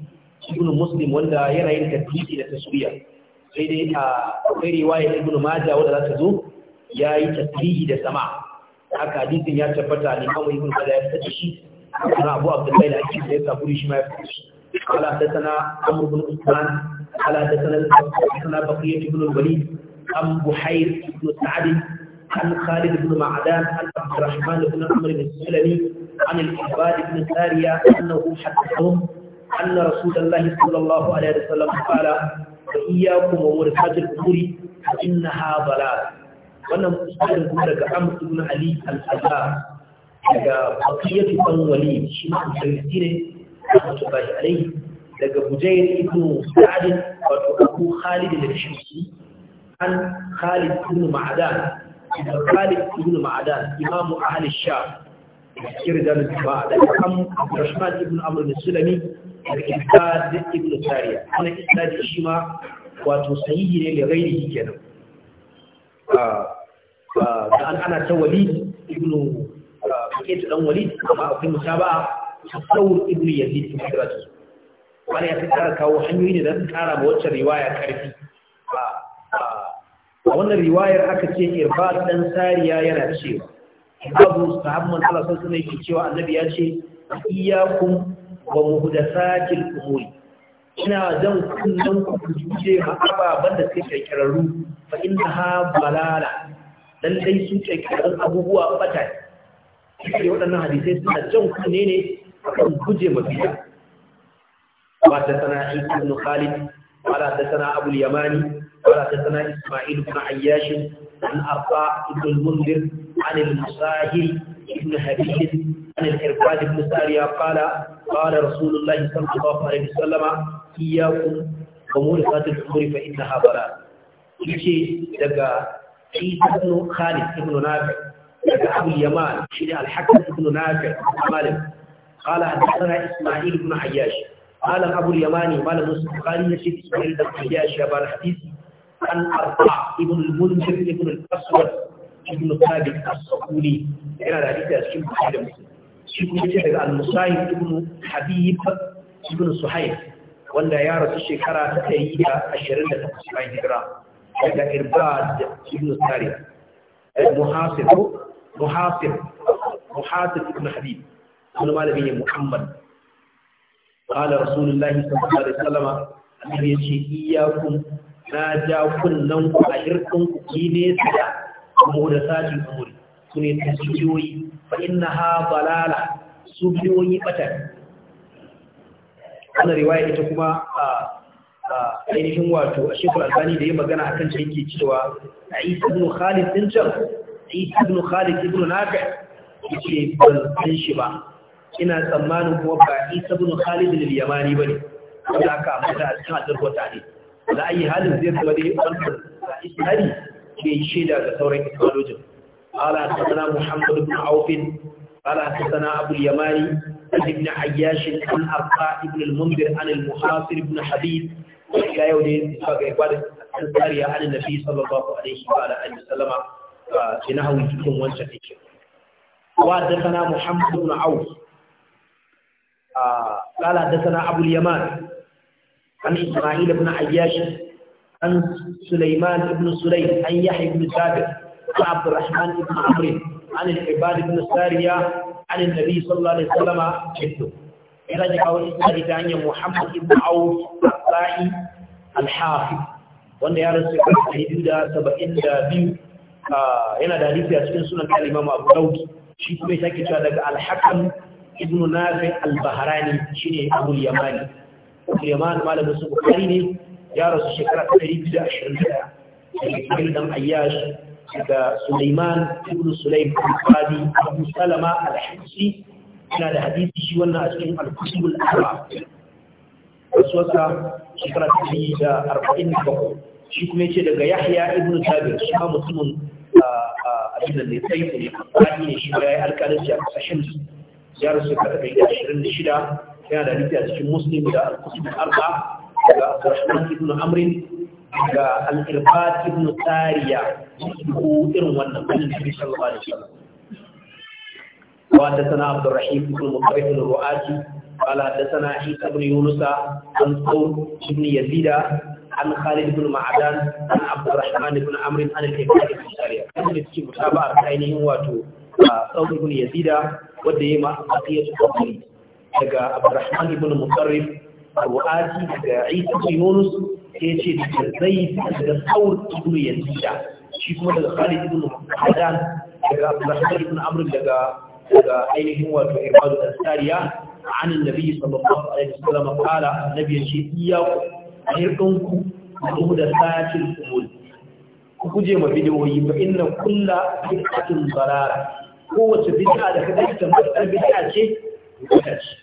ibn Muslim wanda yana yin tafsiri da taswiya sai dai akwai riwaya ibn Majah wanda za ta zo yayi tasbihi da sama'a. haka hadisin ya tabbata ne kuma ibn kada ya fice shi kuma Abu Abdullah al-Aki sai ka guri shi mai fice kala ta sana Amr ibn Uthman kala ta sana sana Baqiyat ibn al-Walid am Buhayr ibn Sa'd an Khalid ibn Ma'dan an Abd Rahman ibn Amr ibn Sulaymi an al-Ibad ibn Sariya annahu hadathum anna rasul allah sallallahu alaihi wasallam qala iyyakum wa murhatil quri innaha dhalal wannan misalin kuma daga amr ibn ali al-azhar daga baqiyatu an wali shi ma musayyidi ne rahmatullahi alayhi daga bujair ibn sa'd wato abu khalid al-shamsi an khalid ibn ma'adan daga khalid ibn ma'adan imamu ahli sham كردان الجماعة أم عبد الرحمن ابن عمرو السلمي الإنسان ابن سارية أنا إسناد الشيما وتسييه لغيره كنا da an ana ta wali, ibnu ta dan walid amma akwai musaba tasawur ibnu yazid ibn rasul wani ya tsara kawo hanyoyi ne don tsara kara ma wacce riwaya karfi a wannan riwayar aka ce irbad dan sariya yana cewa babu sahabban Allah sallallahu yake cewa annabi ya ce iyyakum wa muhdathatil umuri ina zan kunnan ku juje ma ababen da suke kirarru fa inna ha balala dai su kirarrun abubuwa bata ne waɗannan hadisai suna jan kunne ne kan guje ma biya ba ta sana ibn Khalid wala ta sana Abu Yamani wala ta sana Isma'il ibn Ayyash an Arfa ibn mundir an al-Musahil ابن حبيب عن الإرباد بن سارية قال قال رسول الله صلى الله عليه وسلم إياكم ومورثات الحمر فإنها بلاء يجي دقا عيسى بن خالد بن نافع دقا أبو اليمان شيء الحكم بن نافع مالك قال حدثنا إسماعيل بن عياش قال أبو اليماني قال مسلم قال يشيد إسماعيل بن عياش يا بار حديث عن أربع ابن المنذر ابن الأسود ibn Thabit as-Saquli yana da hadisi a cikin Bukhari da Muslim shi kuma ce daga al-Musayib ibn Habib ibn Suhaib wanda ya rasu shekara ta 128 bayan hijira daga Irbad ibn Sariya al-Muhasib Muhasib Muhasib ibn Habib wani malami ne Muhammad قال رسول الله صلى الله عليه وسلم النبي يقول na ja ku a hirkinku ki muhdasatul umuri sune tasbiyoyi fa innaha balala su biyoyi batar wannan riwaya ita kuma a ainihin wato a shekul albani da ya magana akan ta yake cewa a isa ibn khalid din can isa ibn khalid ibn nafi yake ban san shi ba ina tsammanin kuma ba isa ibn khalid lil yamani bane wanda aka ambata a cikin alƙur'ani da ayi halin zai zama dai wannan isnadi bai shaida da sauran islamologin ala haddana muhammad ibn aufin ala haddana abul yamani ibn ayyash an arqa ibn al-mundir an al-muhasir ibn habib ila yau ne ba ga ibada an tsariya an nabi sallallahu alaihi wa alihi wasallama shi na hawi cikin wancan take wa haddana muhammad ibn auf da حدثنا أبو اليمان عن إسماعيل بن عياش عن سليمان بن سليم عن يحيى بن سابر عن عبد الرحمن بن عمرو عن العباد بن السارية عن النبي صلى الله عليه وسلم جده رجع الإسلام عن محمد بن عوف الطائي الحافظ وأن يا رسول الله يدودا سبعين دابين آه، هنا آه دا في أسفل سنة الإمام أبو داود شيك ميساكي تشارك الحكم ابن نافع البهراني شيني أبو اليماني أبو اليمان مالا بسبب قريني ya rasu shekara ta ɗari biyu da ashirin da ɗaya daga ɗan ayyash daga Sulaiman ibn Sulaim al-Qadi Abu Salama al-Himsi yana da hadisi shi wannan a cikin al-Kutub al-Arba wasu wasa shekara ta ɗari da arba'in da bakwai shi kuma yace daga Yahya ibn Jabir shi ma mutumin abin da ne sai ne Qadi ne shi ya yi alƙalanci a ƙasashen ya rasu shekara ta ɗari da ashirin da shida yana da hadisi a cikin Muslim da al-Kutub al-Arba daga Abdurrahman ibn Amr daga Al-Irbad ibn Sariya ko irin wannan annabi sallallahu alaihi wasallam wa hadathana Abdurrahim ibn Mutarrif al-Ru'ati قال حدثنا عيسى بن يونس عن ثور بن يزيد عن خالد بن معدان عن عبد الرحمن بن عمرو عن الإبراهيم بن شارية كان في متابعة عينه واتو ثور بن يزيد وديما بقية القبري daga Abdurrahman ibn Mutarrif abu ati daga isa yunus sai ce daga zai daga saur ibn yazida shi kuma daga khalid ibn hadan daga abdurrahman ibn amr daga daga ainihin wato ibadu al-sariya an annabi sallallahu alaihi wasallam qala annabi shi iyaku ayyukanku da satil umul ku guje ma bidiyoyi fa inna kullu bid'atin dalala kowace bid'a da kaga ta matsar bid'a ce bid'a ce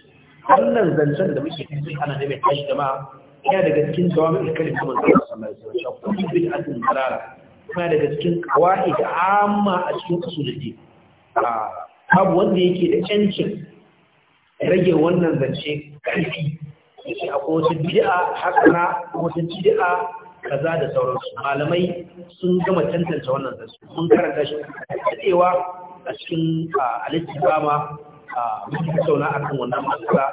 wannan zancen da muke cikin ana da mai tashi jama'a yana daga cikin jawabin kalin kuma zai sallallahu alaihi wasallam kuma bid'atun darara kuma daga cikin da amma a cikin usuluddin babu wanda yake da cancin rage wannan zance karfi yake a wata bid'a hasana wata bid'a kaza da sauransu malamai sun gama tantance wannan zance mun karanta shi a cikin a cikin al a muka sauna a kan wannan matsala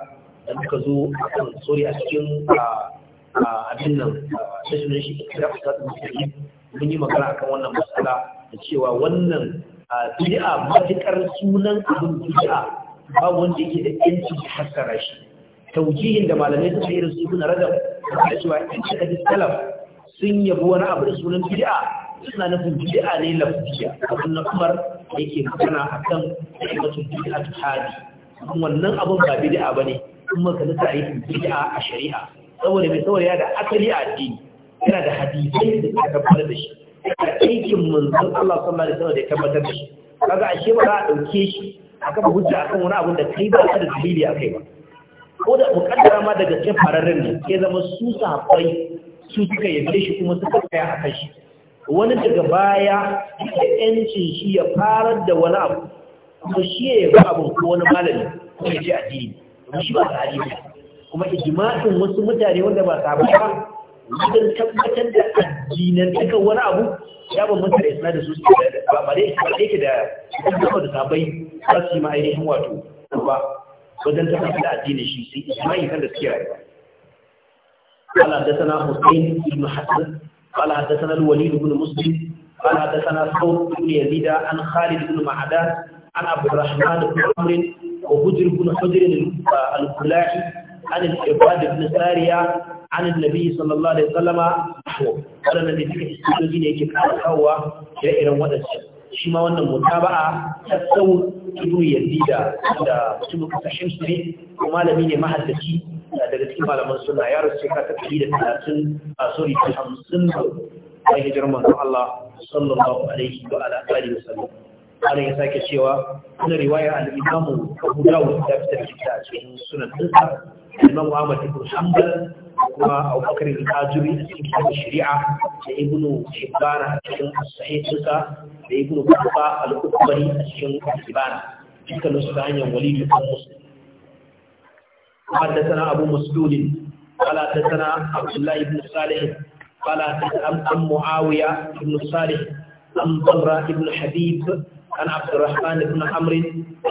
da muka zo a kan sori a cikin abin nan sashen shi da ta musulmi mun yi magana a kan wannan matsala da cewa wannan bid'a matukar sunan abin bid'a ba wanda yake da yanci da shi taujihin da malamai suka irin su suna rajab da cewa in suka ji salaf sun yabi wani abu da sunan bid'a suna nufin bid'a ne lafiya abin na umar yake magana a kan aikatar bid'a ta hadi wannan abin ba bid'a ba ne kuma ka nasa yi bid'a a shari'a saboda mai saboda ya da asali a addini yana da hadisai da ta tabbatar da shi a aikin manzon Allah sallallahu alaihi wasallam da ya tabbatar da shi kaga ashe ba za a dauke shi a kafa hujja a kan wani abin da kai ba ka da dalili a kai ba ko da mukaddara ma daga cikin fararren ne ya zama su sahabbai su suka yabe shi kuma suka kaya a kan shi wani daga baya da yancin shi ya farar da wani abu kuma shi ya yi abin ko wani malami ko ya ce addini kuma shi ba sahabi ba kuma ijma'in wasu mutane wanda ba sahabi ba wajen tabbatar da addinan duka wani abu ya ba mutu da isna da su ba ba dai ba dai da kuma da sabai Ba su yi ma ainihin wato ba wajen tabbatar da addinin shi sai ijma'i kan da suke rayuwa قال حدثنا حسين بن حسن قال حدثنا الوليد بن مسلم قال حدثنا ثور بن يزيد عن خالد بن معدان عن عبد الرحمن بن عمرو وهجر بن حجر الكلاعي عن العباد بن سارية عن النبي صلى الله عليه وسلم نحوه قال النبي في السجن يجي كان هو دائرا ودسا shi ma wannan mutaba'a ta sau ibnu yazida da mutum ka sahim ne kuma malami ne mahaddaci daga cikin malaman suna ya rasu ka ta da talatin a sori ta hamsin da bayan hijirar manzon Allah sallallahu alaihi wa ala alihi wa sallam ana ya sake cewa suna riwaya al ta Abu Dawud da fitar da a cikin sunan dinsa Imam Ahmad ibn Hanbal kuma Abu Bakr al a cikin kitabun shari'a da Ibnu Hibban a cikin sahih dinsa da Ibn Battuta al a cikin Ibana. dukkan su ta hanyar Walid ibn Muslim حدثنا أبو مسدود قال حدثنا عبد الله بن صالح قال ام معاوية بن صالح ام ضرة بن حبيب عن عبد الرحمن بن عمرو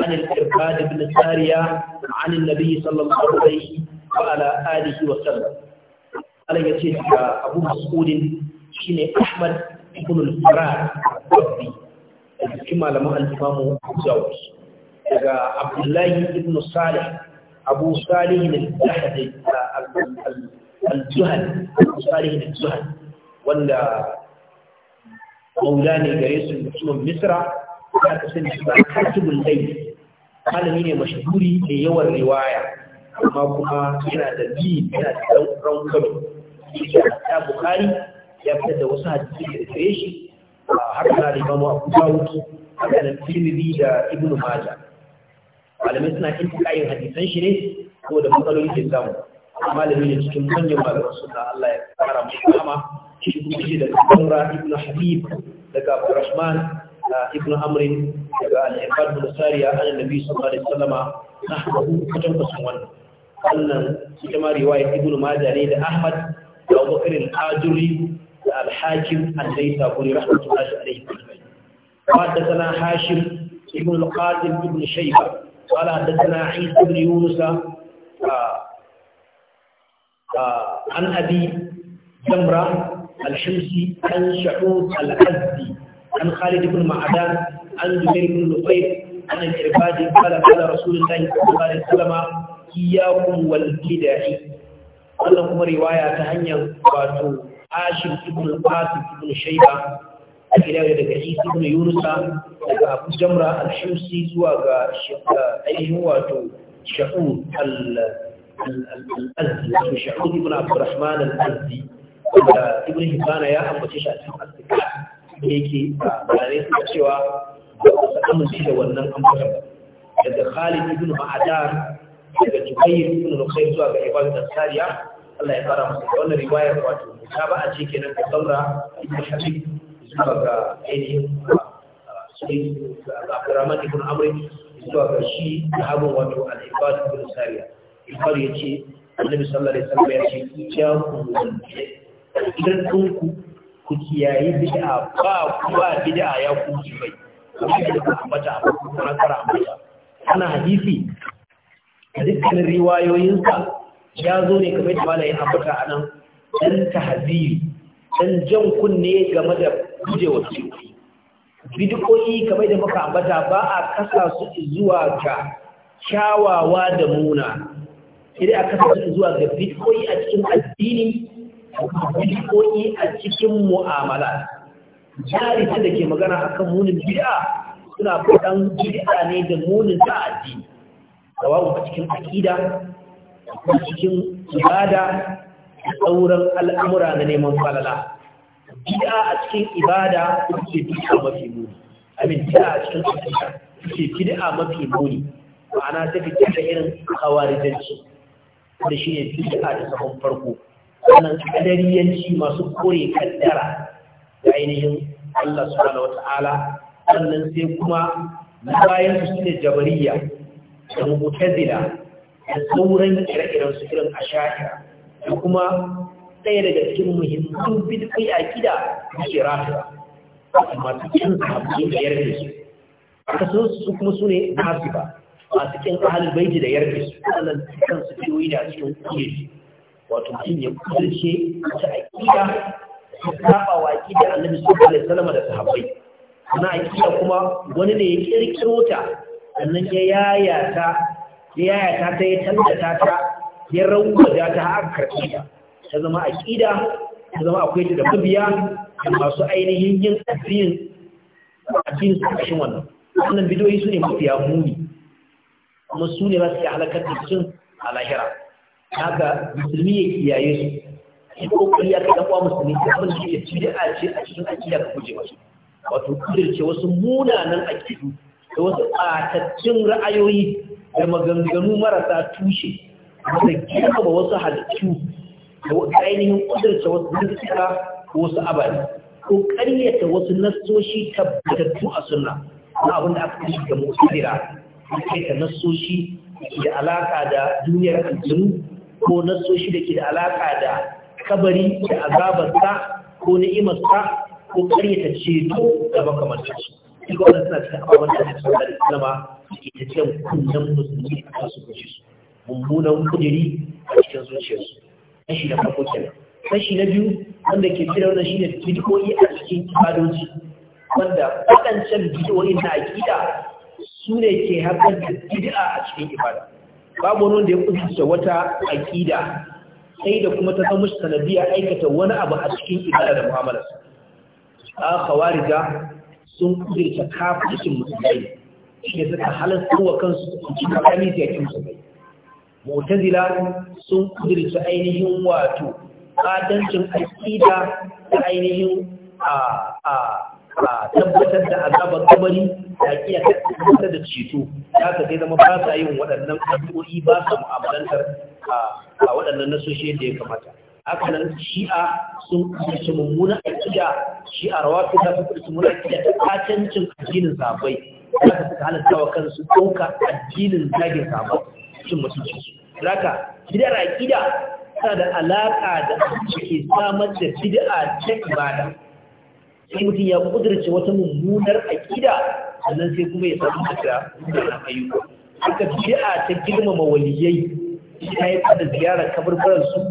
عن الكرباد بن سارية عن النبي صلى الله عليه وعلى آله وسلم قال يتيك أبو مسعود شيني أحمد بن الفرار ربي كما لما الإمام زوج عبد الله بن صالح أبو صالح الزهد الزهد أبو صالح الزهد ولا مولاني قريس مسلم مصر كان تسمى كاتب الليل قال هنا مشهوري ليوى الرواية وما كما هنا دليل هنا رون كبير حتى بخاري يبتدى وسهد في الكريشي حتى الإمام أبو داود حتى الترمذي لابن ماجه malamai suna kin kayan hadisan shi ne ko da matsaloli ke samu malami ne cikin manyan malaman suna Allah ya kara mai kama shi kuma shi daga Umra ibn Habib daga Abdurrahman ibn Amr daga Al-Ibad bin Sariya an Nabi sallallahu alaihi wasallam nahwu katan kasan wannan wannan ita ma riwaya Ibn Majah ne da Ahmad da Abu Bakr al-Ajuri da Al-Hakim al-Zaisaburi rahmatullahi alaihi wa sallam وحدثنا هاشم ابن القاسم ابن شيبه قال حدثنا عيسى بن يونس عن أبي جمرة الحمصي عن شعوب الأزدي عن خالد بن معدان عن زبير بن نفير عن العباد قال قال رسول الله صلى الله عليه وسلم إياكم والبدع wannan kuma riwaya ta hanyar wato Ashim ibn Qasim ibn Shayba har ila daga isa da yunusa daga abu jamra al-shusi zuwa ga ainihin wato sha'ud al-azzi wato sha'ud al-azzi wanda ibn hibana ya ambace shi a cikin asibiti da yake bayanai suka cewa ba su amince da wannan ambaton daga khalid ibn ma'adar daga jubair ibn rukai zuwa ga ibadu da sariya Allah ya fara masa wannan riwayar wato ta ba a ce kenan ga samra ibn habib zuwa ga ainihin ah, sai ga ah, abdurrahman ibn amri zuwa ga shi sahabin wato al-ibad ibn sariya ibad ya ce annabi sallallahu alaihi wasallam ya ce ku iyakum idan tunku ku kiyaye bid'a ba ku ba bid'a ya ku bai kuma da ku ambata a kuma kara ambata ana hadisi a dukkan riwayoyinsa ya zo ne kamar da malayin ambata a nan dan tahziri dan jan kunne game da guje wa ciwo bidikoyi kamar da muka ambata ba a kasa su zuwa ga kyawawa da muna Idan a kasa su zuwa ga bidikoyi a cikin addini bid'o'i a cikin mu'amala jari ta da ke magana a kan munin bid'a suna faɗan bid'a ne da munin ta addini kawawa a cikin akida a cikin ibada sauran al'amura na neman falala bid'a a cikin ibada suke ce bid'a mafi muni amin bid'a a cikin ibada ce bid'a mafi muni ma'ana ta fi kira irin hawarijanci da shi ne bid'a da sahun farko sannan kadariyanci masu kore kaddara da ainihin Allah subhanahu wata'ala sannan sai kuma bayan su ne jabariya da mu'tazila da sauran ire-iren su irin sha'ira da kuma ɗaya daga cikin muhimman bidkai a gida na shirafiya masu cin sahabbai da yarda su aka so su kuma su ne nasu ba masu cin ahalin baiti da yarda su wannan kan su ciwoyi da cikin kuyeri wato mutum ya kusurce ta aƙida ta saba wa a annabi su kala salama da sahabbai na aƙida kuma wani ne ya kirkiro ta sannan ya yayata ya yayata ta ya tallata ta ya rawuwa ta har karɓi ta ta zama aƙida ta zama akwai ta da mabiya da masu ainihin yin addinin addinin su ƙashin wannan wannan bidiyoyi su ne mafiya muni kuma su ne za su yi halakar da cikin a lahira haka musulmi ya kiyaye su shi kokari ya kaɗa kwa musulmi ta abin da ya cire a ce a cikin aƙida ka guje wasu wato kudirce wasu munanan aƙidu da wasu ɓatattun ra'ayoyi da maganganu marasa tushe da ba wasu halittu da ainihin kudurta wasu zantuka ko wasu abali ko karyata wasu nasoshi tabbatattu a sunna na abin da aka shiga musulira a kai ta nasoshi da alaka da duniyar aljinu ko nasoshi da ke da alaka da kabari da azabarsa ko ni'imarsa ko karyata ceto da makamantarsu duk wannan suna cikin abubuwan da ake da islama ke ta ce kunnen musulmi a kasu kashe su mummunan kudiri a cikin zuciyarsu kashi na farko kenan kashi na biyu wanda ke cire wannan shine bid'o'i a cikin ibadoji wanda waɗancan bid'o'i na akida su ne ke haifar da bid'a a cikin ibada babu wani wanda ya kusurce wata aƙida, sai da kuma ta zama sanadiyya aikata wani abu a cikin ibada da mu'amala. a Riga sun kudirta kafin cikin musulmai shi suka halar kowa kansu cikin kamisi yakin musulmai mutazila sun kudirci ainihin wato ƙadancin aƙida da ainihin a tabbatar da azabar kabari da aƙida ta tabbatar da ceto ya ka zai zama ba sa yin waɗannan addu'o'i ba sa mu'amalantar a waɗannan nasoshi yadda ya kamata haka nan shi'a sun kudirci mummunan aƙida shi'a rawa ta fi kudirci mummunan aƙida ta katancin addinin sabai za ka suka halatta wa kansu ɗauka addinin zagin zabai cin mutuncinsu zaka gidan aqida tana da alaƙa da ke samar da bid'a ta ibada sai mutum ya kudurce wata mummunar aqida sannan sai kuma ya samu da mummunar ayyuka haka bid'a ta girmama waliyai ta yi da ziyarar kaburburan su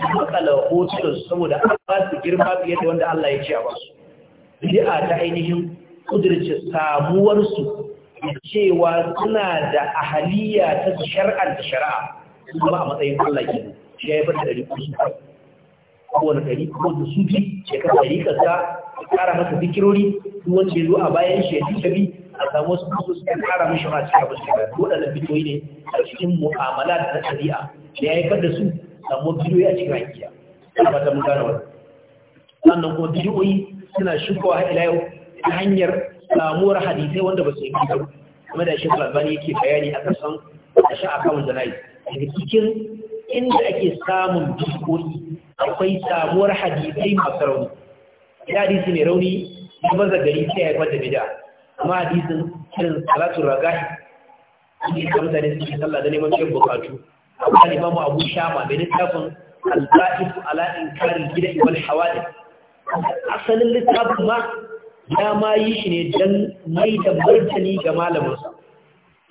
su makala hotunan saboda an ba su girma fiye da wanda Allah ya ce a ba su bid'a ta ainihin kudurce samuwarsu cewa suna da ahaliya ta shar'ar da shari'a kuma a matsayin Allah ke shi ya yi fata ɗari ko su kowane ɗari ko da su bi shekar ɗari kasa a ƙara masa zikirori duk wanda ya zo a bayan shi ya fi shabi a samu wasu kusa su ƙara mishi ma cikin abin shekara waɗannan bidiyoyi ne a cikin mu'amala da na shari'a da ya haifar da su samu bidiyoyi a cikin hakiya ina fata mun gane wannan sannan kuma bidiyoyi suna shukawa ila yau ta hanyar samuwar hadisai wanda ba su yi kuma da shi albani yake bayani a kasan a da na yi daga cikin inda ake samun dukoki akwai samuwar hadisai masu rauni ina hadisi mai rauni ya maza gari sai haifar da bida Kuma hadisin irin salatun ragahi inda ya mutane suke sallah da neman biyan bukatu abu da mu abu shama mai littafin alba'ifu ala inkarin gida Hawa hawadin asalin littafin ma ya ma yi shi ne don mai da martani ga malaminsa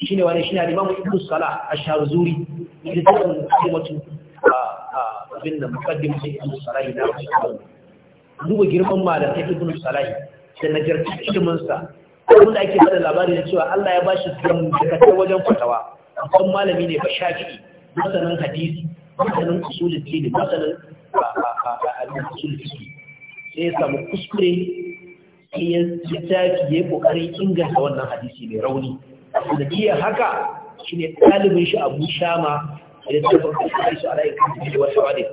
shi ne wane shi ne alimamu ibn salah a sharzuri da ta kan kalmatu a abin da mukaddim sai ibn salah na duba girman malamai ibn salah da nagarci iliminsa abin da ake bada labari da cewa Allah ya bashi gamdakatar wajen fatawa kan malami ne ba shafi masanin hadisi masanin usulul fiqh masanin usulul fiqh sai ya samu kuskure sai ya tafi ya kokarin inganta wannan hadisi mai rauni sanadiyar haka shi ne ɗalibin shi abu shama da ta farko da su ala yakin da wata wani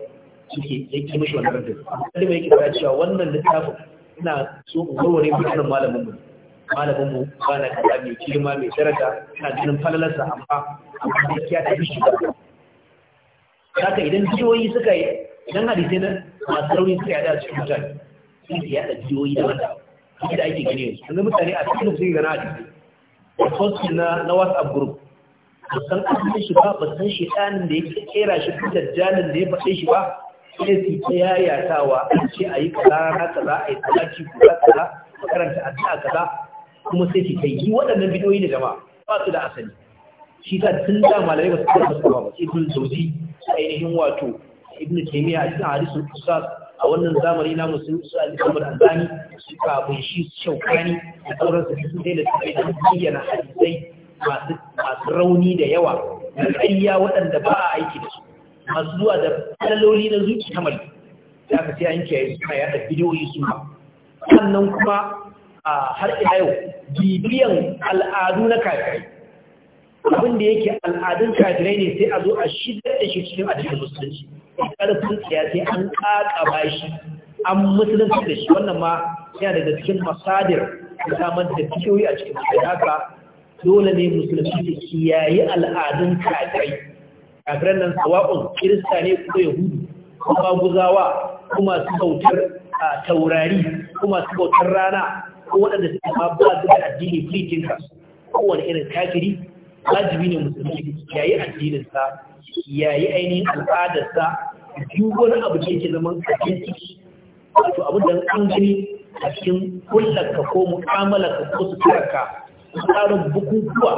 suke yake mashi wannan rajin ɗalibin yake fara cewa wannan littafin ina so in warware mutanen malamin mu malamin mu ba na kaza mai girma mai daraja ina ganin falalarsa amma amma gaskiya ta shi ba haka idan jiyoyi suka yi idan hadisai na masu rauni suka yada cikin mutane sun yada jiyoyi da wanda da ake gani yanzu mutane a cikin su gana cikin post na na WhatsApp group ba san asalin shi ba ba san ɗanin da ya kera shi ko dajjalin da ya faɗe shi ba sai su ta yayatawa a ce a yi kaza na kaza a yi talaki kula kaza a karanta addu'a kaza kuma sai su ta yi waɗannan bidiyoyi da jama'a ba su da asali shi ta tun da malamai ba su kira ba ba ibn zauzi ainihin wato ibn taymiya a cikin hadisul qisas a wannan zamani na musu su alƙamar albani su kafin shaukani da sauransu su dai da su da bayyana hadisai masu rauni da yawa da ƙarya waɗanda ba a aiki da su masu zuwa da alaloli na zuci ta da aka sai an kiyaye su kaya bidiyoyi su ba sannan kuma har ila yau bibiyan al'adu na kafirai abin da yake al'adun kafirai ne sai a zo a shigar da shi cikin addinin musulunci ƙarfin tsaya an ƙaƙaba shi an musulunci da shi wannan ma yana daga cikin masadir da samar da kiyoyi a cikin da haka dole ne musulunci su kiyaye al'adun kafirai kafiran nan sawa'un kirista ne ko yahudu ko maguzawa ko masu bautar taurari kuma masu bautar rana ko waɗanda suka ma ba su da addini fitinka kowane irin kafiri wajibi ne musulmi yi addininsa yayi ainihin al'adarsa duk wani abu da yake zaman kakin ciki wato abu da an gani a cikin kullaka, ko mu'amala ko su suturarka tsarin bukukuwa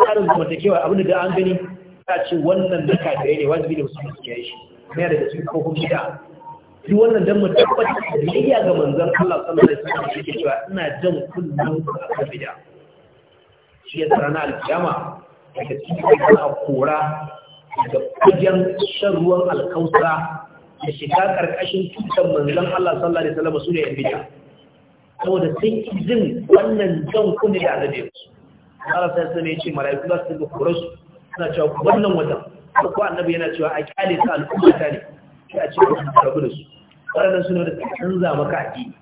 tsarin zamantakewa abin da an gani ta ce wannan da ka kafirai ne wajibi da musulmi su yi, shi mai da cikin kuma gida duk wannan don mu tabbatar da biyayya ga manzon Allah sallallahu alaihi wasallam yake cewa ina jan kullum a kan shi ya tsara na aljama, daga cikin a kora da kujen shan ruwan alkausa da shiga ƙarƙashin tutar manzan Allah sallallahu Alaihi wasallam su ne yan bida saboda sun izin wannan jan kunne da annabi su Allah sai sai ya ce mara'iku za su ga su, suna cewa wannan watan ko annabi yana cewa a kyale su al'ummata ne sai a ce ku rabu da su waɗannan suna da suka canza maka addini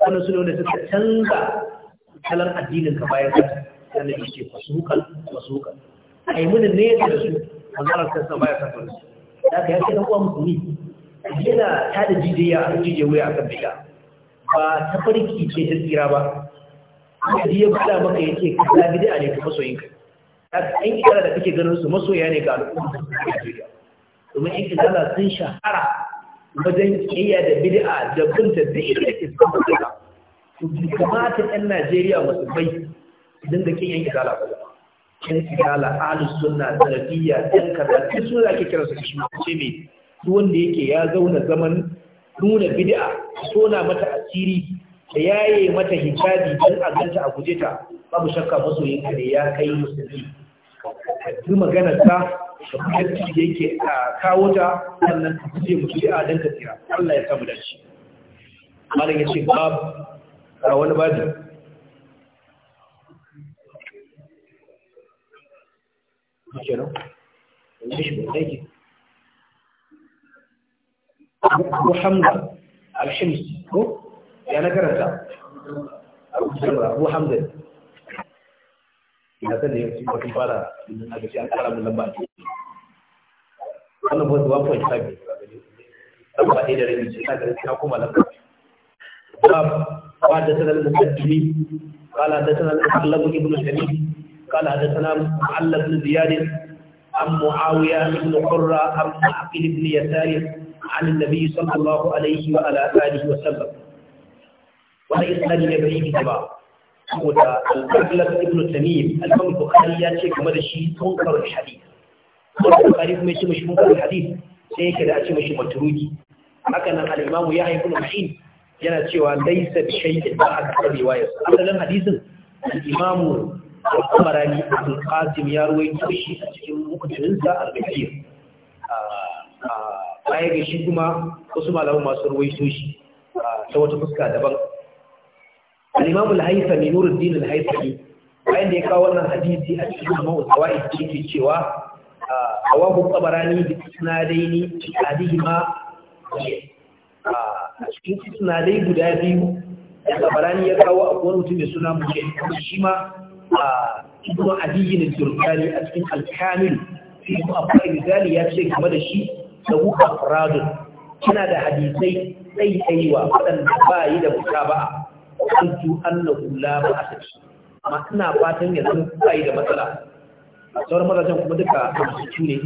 wannan suna da suka canza salon addinin ka bayan kasa annabi ce fasukan fasukan ai mun ne ya da su manzara kan sa baya san su da ka yake dan uwa musulmi yana ta da jijiya a jijiya wuya akan bid'a ba ta farki ce ta tsira ba kaji ya bada maka yace ka da bid'a ne ka masoyin ka an yi da kake ganin su masoya ne ga al'umma domin yan kizala sun shahara wajen kiyaya da bid'a da bin da da ita ke sun kamata yan Najeriya musulmai dinga kin yan izala ba kin izala ahli sunna salafiyya dan kaza duk sun ake kira su shi ce me duk wanda yake ya zauna zaman nuna bid'a sona mata asiri da yaye mata hijabi dan a ganta a guje ta babu shakka masoyin ka ne ya kai musulmi duk maganar ta da kuma da yake kawo ta sannan ka guje mu bid'a dan ka tsira Allah ya samu dace malam yace babu a wani babu kenan wani shi aiki abu hamdan ko ya na karanta abu hamdan ya san da yanzu mutum fara ilimin agaci an mun lamba a cikin wannan ba zuwa point five ne lamba ɗaya da rabi ce ta gari ta kuma lamba ba ba da sanar da قال حدثنا الحلب ابن قال حدثنا معل بن زياد عن معاوية بن حرة عن معقل بن يسار عن النبي صلى الله عليه وعلى آله وسلم ولإسلام يبعيد تبع ودا الأغلب ابن تميم الإمام البخاري يا شيخ كما شيء منكر الحديث البخاري كما شيء مش منكر الحديث sai yake da a ce mashi maturuki haka nan al'imamu ya haifu ma'in yana cewa laisa da shaikin ba a kasar riwayar asalin hadisin al'imamu al-qamarani al-qasim ya ruwaito shi a cikin mukutuninsa al-kafir baya ga shi kuma wasu malamu masu ruwaito shi ta wata fuska daban al-imamu al-haythami nuruddin al-haythami bayan da ya kawo wannan hadisi a cikin mawdu zawaid yake cewa awahu qabarani bi isnadaini hadihima a cikin isnadai guda biyu qabarani ya kawo akwai mutum mai suna mutum shi ma ibn adiyyin al-durkani a cikin al-kamil fi afrad gali ya ce game da shi da wuka Kina da hadisai sai aiwa waɗanda ba yi da buka ba kuntu annahu la ba'sa amma ina fatan ya zama ba yi da matsala sauran mazajen kuma duka su ne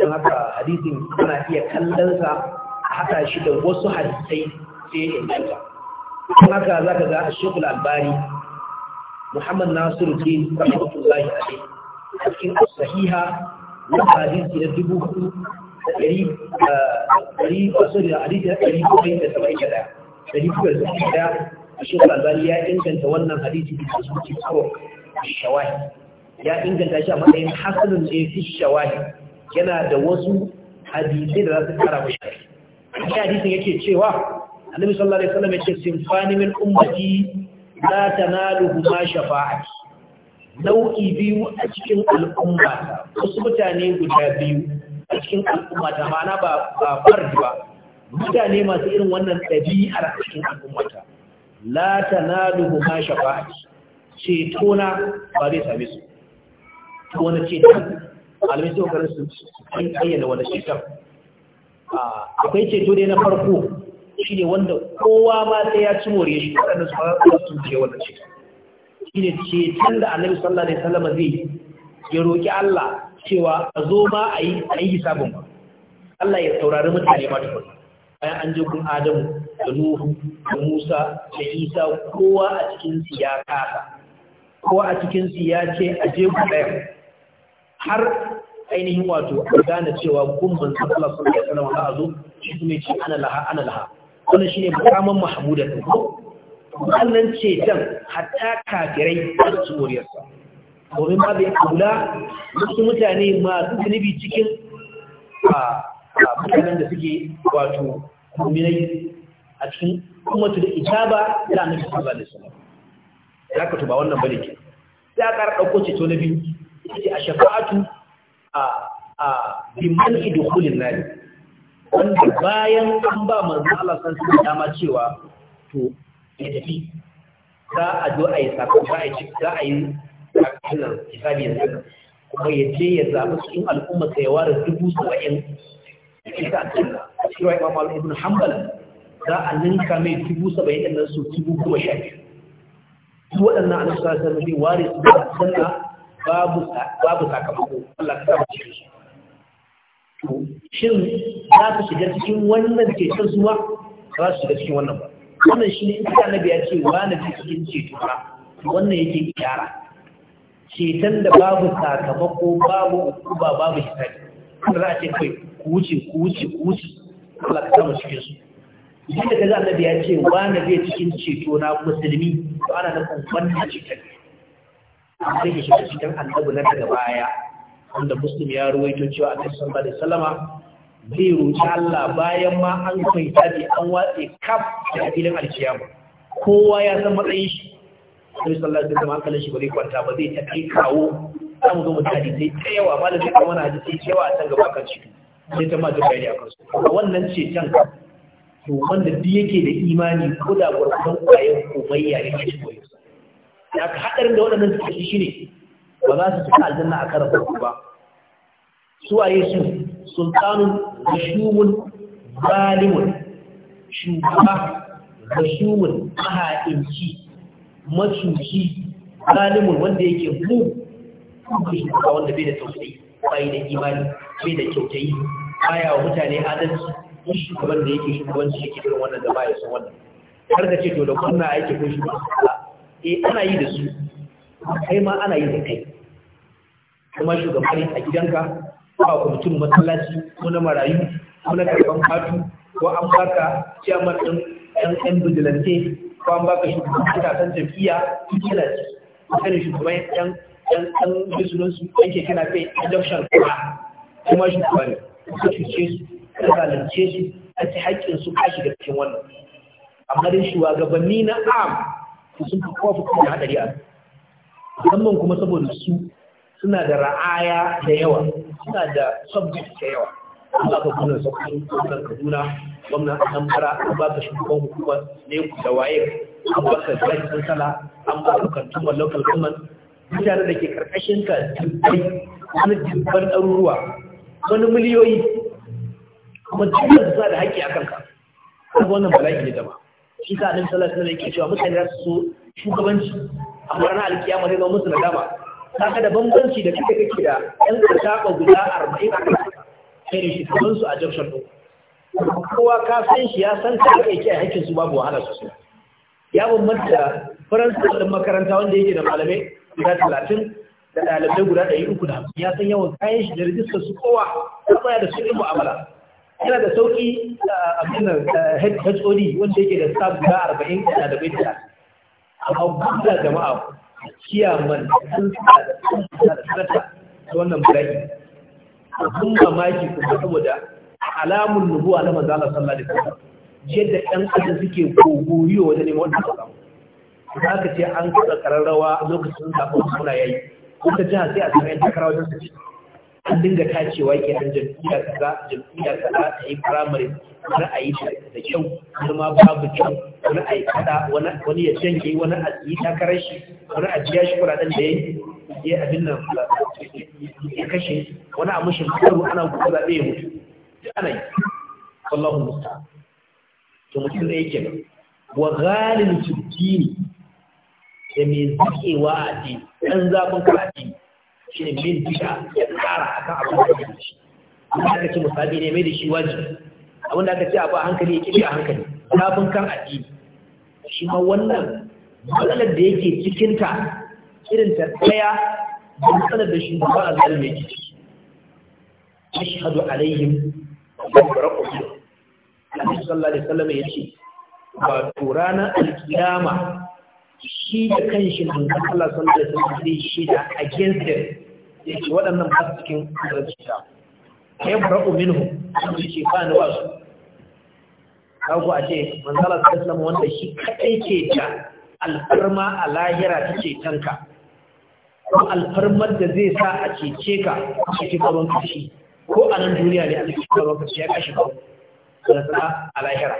don haka hadisin ana iya kallon sa haka shi da wasu hadisai sai ya inganta don haka za ka ga shekul albari. Muhammad Nasiruddin rahmatullahi alaihi a cikin sahiha na hadisi na dubu hudu da ɗari eh, ɗari oh, sorry da hadisi na ɗari da saba'in da ɗaya ɗari bakwai da saba'in da ɗaya a shekaru albani ya inganta wannan hadisi da su suke tsoro shawahi ya inganta shi a matsayin hasanun ne fi shawahi yana da wasu hadisai da za su kara mashi kai hadisin yake cewa annabi sallallahu alaihi wasallam ya ce simfani min ummati la tanaluhu ma shafa'ati nau'i biyu a cikin al'umma wasu mutane guda biyu a cikin al'umma ta mana ba ba farji ba mutane masu irin wannan ɗabi'ar a cikin al'umma ta la tanaluhu ma shafa'ati ce tona ba zai same su to wani ceto malamai sai kokarin su an ayyana wani ceton akwai ceto dai na farko shi ne wanda kowa ma sai ya ci more shi kada su fara su ce wannan ce shi ne ceton da annabi sallallahu alaihi wasallam zai ya roki Allah cewa a zo ma a yi a yi hisabin ba Allah ya saurari mutane ma tukun bayan an je kun Adamu da Nuhu da Musa da Isa kowa a cikin su ya kasa kowa a cikin su ya ce a je ku ɗaya har ainihin wato a gane cewa gumban sallallahu alaihi wasallam a zo shi kuma ce ana laha ana laha wannan shine makaman mahmuda ta ko wannan ceton hatta kafirai a su wuriyarsa domin ba bai kula wasu mutane masu zunubi cikin a mutanen da suke wato kuminai, a cikin kuma tu da ita ba da annabi sallallahu alaihi wasallam ya to ba wannan bane ke sai ƙara ɗauko ceto na biyu ce a shafa'atu a a da hulun wanda bayan an ba manzo Allah san su dama cewa to ya tafi za a zo a yi sako za a yi za a yi sakinan hisabi yanzu kuma ya je ya zaɓi cikin al'umma sai ya ware dubu saba'in ita a cikin cewa imam al-ibn hanbal za a ninka mai dubu saba'in ɗin nan su dubu kuma sha biyu duk waɗannan annabi sallallahu alaihi wasallam ware su da sanna babu babu sakamako Allah ka sa mu cikin shin za su shiga cikin wannan ceton su suwa za su shiga cikin wannan ba wannan shi ne in ka nabi ya ce wa na cikin ceto ba wannan yake kyara ceton da babu sakamako babu ukuba babu hisabi kuma za a ce kai ku wuce ku wuce ku wuce Allah ka samu cikin su duk da za a ya ce wa na biya cikin ceto na musulmi to ana nufin wannan ceton sai ya shiga cikin annabi na daga baya wanda muslim ya ruwaito cewa a kan ba da salama. zai roƙi Allah bayan ma an kai tabi an watse kaf da filin alkiyama kowa ya san matsayin shi sai sallallahu alaihi wasallam kallon shi bari kwanta ba zai ta kai kawo za mu zo mu tadi sai tsayawa ba da sai kuma na ji sai tsayawa a can gaba kan shi sai ta ma ji bayani akan su wannan ce can to wanda duk yake da imani ko da gurbanan kwayan ya yi shi koyo da ka hadarin da waɗannan suke shi ne, ba za su ci aljanna a karan farko ba su waye su sultanun gashumun zalimun shugaba gashumun maha'inci macuci zalimun wanda yake mu kuma shugaba wanda bai da tausayi bai da imani bai da kyautayi baya wa mutane adalci in shugaban da yake shugabanci yake irin wannan da baya san wannan har da ce to da gwamna yake ko shugaban eh ana yi da su kai ma ana yi da kai kuma shugaba ne a gidanka ba mutum masallaci ko na marayu ko na karban fatu ko an baka ciyaman ɗin ɗan ɗan bijilante ko an baka shugaban matasan jam'iyya duk kina ci kan shugaban ɗan ɗan ɗan su ɗan keke na kai a jamshan kuma kuma shugaba ne ka cuce su ka zalunce su a ci su ka shiga cikin wannan amma dai shugabanni na am sun fi kowa fi da haɗari a musamman kuma saboda su suna da ra'aya da yawa suna da subject da yawa Allah ka kuna sabbin kudan Kaduna gwamna fara an ba ka shugaban hukumar ne ku da waye an ba ka sun sala an ba ka kantuma local government mutane da ke karkashin ka dubbai wani dubban ɗaruruwa wani miliyoyi kuma dukkan su da haƙƙi a kanka kuma wannan bala'i ne dama shi ka annabi sallallahu alaihi wasallam yake cewa mutane za su so shugabanci amma ranar alkiyama zai zama musu nadama kaga da bambanci da kake kake da yan kasaba guda 40 a kasa sai da shi kaman su a junction din kowa ka san shi ya san ka kai ke hakkin su babu wahala sosai ya bambanta faransa din makaranta wanda yake da malamai guda talatin da ɗalibai guda uku da hamsin. ya san yawan kayan shi da rijistar su kowa ta tsaya da su ɗin mu'amala yana da sauƙi a ah, abin HOD ah, wanda yake da staff guda 40 da ɗalibai da amma guda jama'a kiyaman sun da ta wannan bala'i abun mamaki kuma saboda alamun nubuwa na manzo Allah sallallahu alaihi wasallam yadda ɗan adam suke gogoriyo wajen neman wannan samu za ka ce an kaɗa ƙararrawa lokacin zaɓen suna yayi wata jiha sai a samu yan takara wajen su an dinga tacewa nan jam'iyyar kaza jam'iyyar kaza ta yi firamare wani a yi da kyau wani ma babu kyau wani a yi kada wani ya canje wani a yi takarar shi wani a biya shi kuɗaɗen da ya yi abin nan ya kashe wani a mushin kuru ana gudu zaɓe ya mutu da ana yi wallahu musta to mutum ɗaya kenan wa galin turkini da mai zaƙewa a addini ɗan zafin kan addini shi ne min bida ya tsara akan abin da ya shi abin aka ce musabi ne mai da shi wajibi abin da aka ce abu a hankali ya kibi a hankali sabon kan addini shi ma wannan matsalar da yake cikinta irin ta tsaya da matsalar da shi ba a zalim yake ciki ashhadu alaihim wa barakallahu Allah sallallahu alaihi wasallam ce. ba turana alkiyama shi da kanshi manzon Allah sallallahu alaihi wasallam zai shi da against yake waɗannan ba cikin kudurar cuta ya bara'u minhu wanda yake ba ni wasu kago a ce manzala ta islam wanda shi kaɗai ke ta alfarma a lahira ta ce tanka ko alfarmar da zai sa a cece ka a cikin gaban kashi ko a nan duniya ne a cikin gaban kashi ya kashi ba da sa a lahira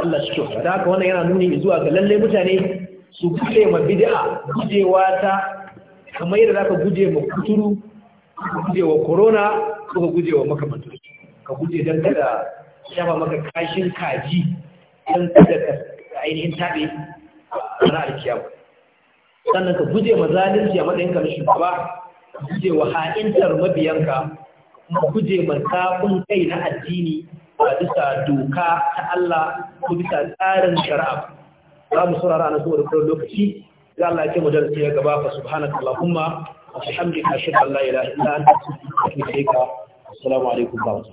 Allah shi kyau da haka wannan yana nuni zuwa ga lallai mutane su kuɗe ma bid'a gujewa ta kamar yadda za ka guje ma kuturu ka guje wa korona, ko ka guje wa makamantar ka guje don kada shafa maka kashin kaji don kada ka ainihin taɓe a ranar kiyama sannan ka guje ma zalunci a matsayin na shugaba ka guje wa ha'intar mabiyanka ka guje ma kafin kai na addini ba bisa doka ta Allah ko bisa tsarin shari'a za mu saurara na saboda kawai lokaci ya Allah ke mu ya gaba fa subhanaka allahumma wa bihamdika ashhadu an la ilaha illa anta astaghfiruka wa atubu ilaik assalamu alaikum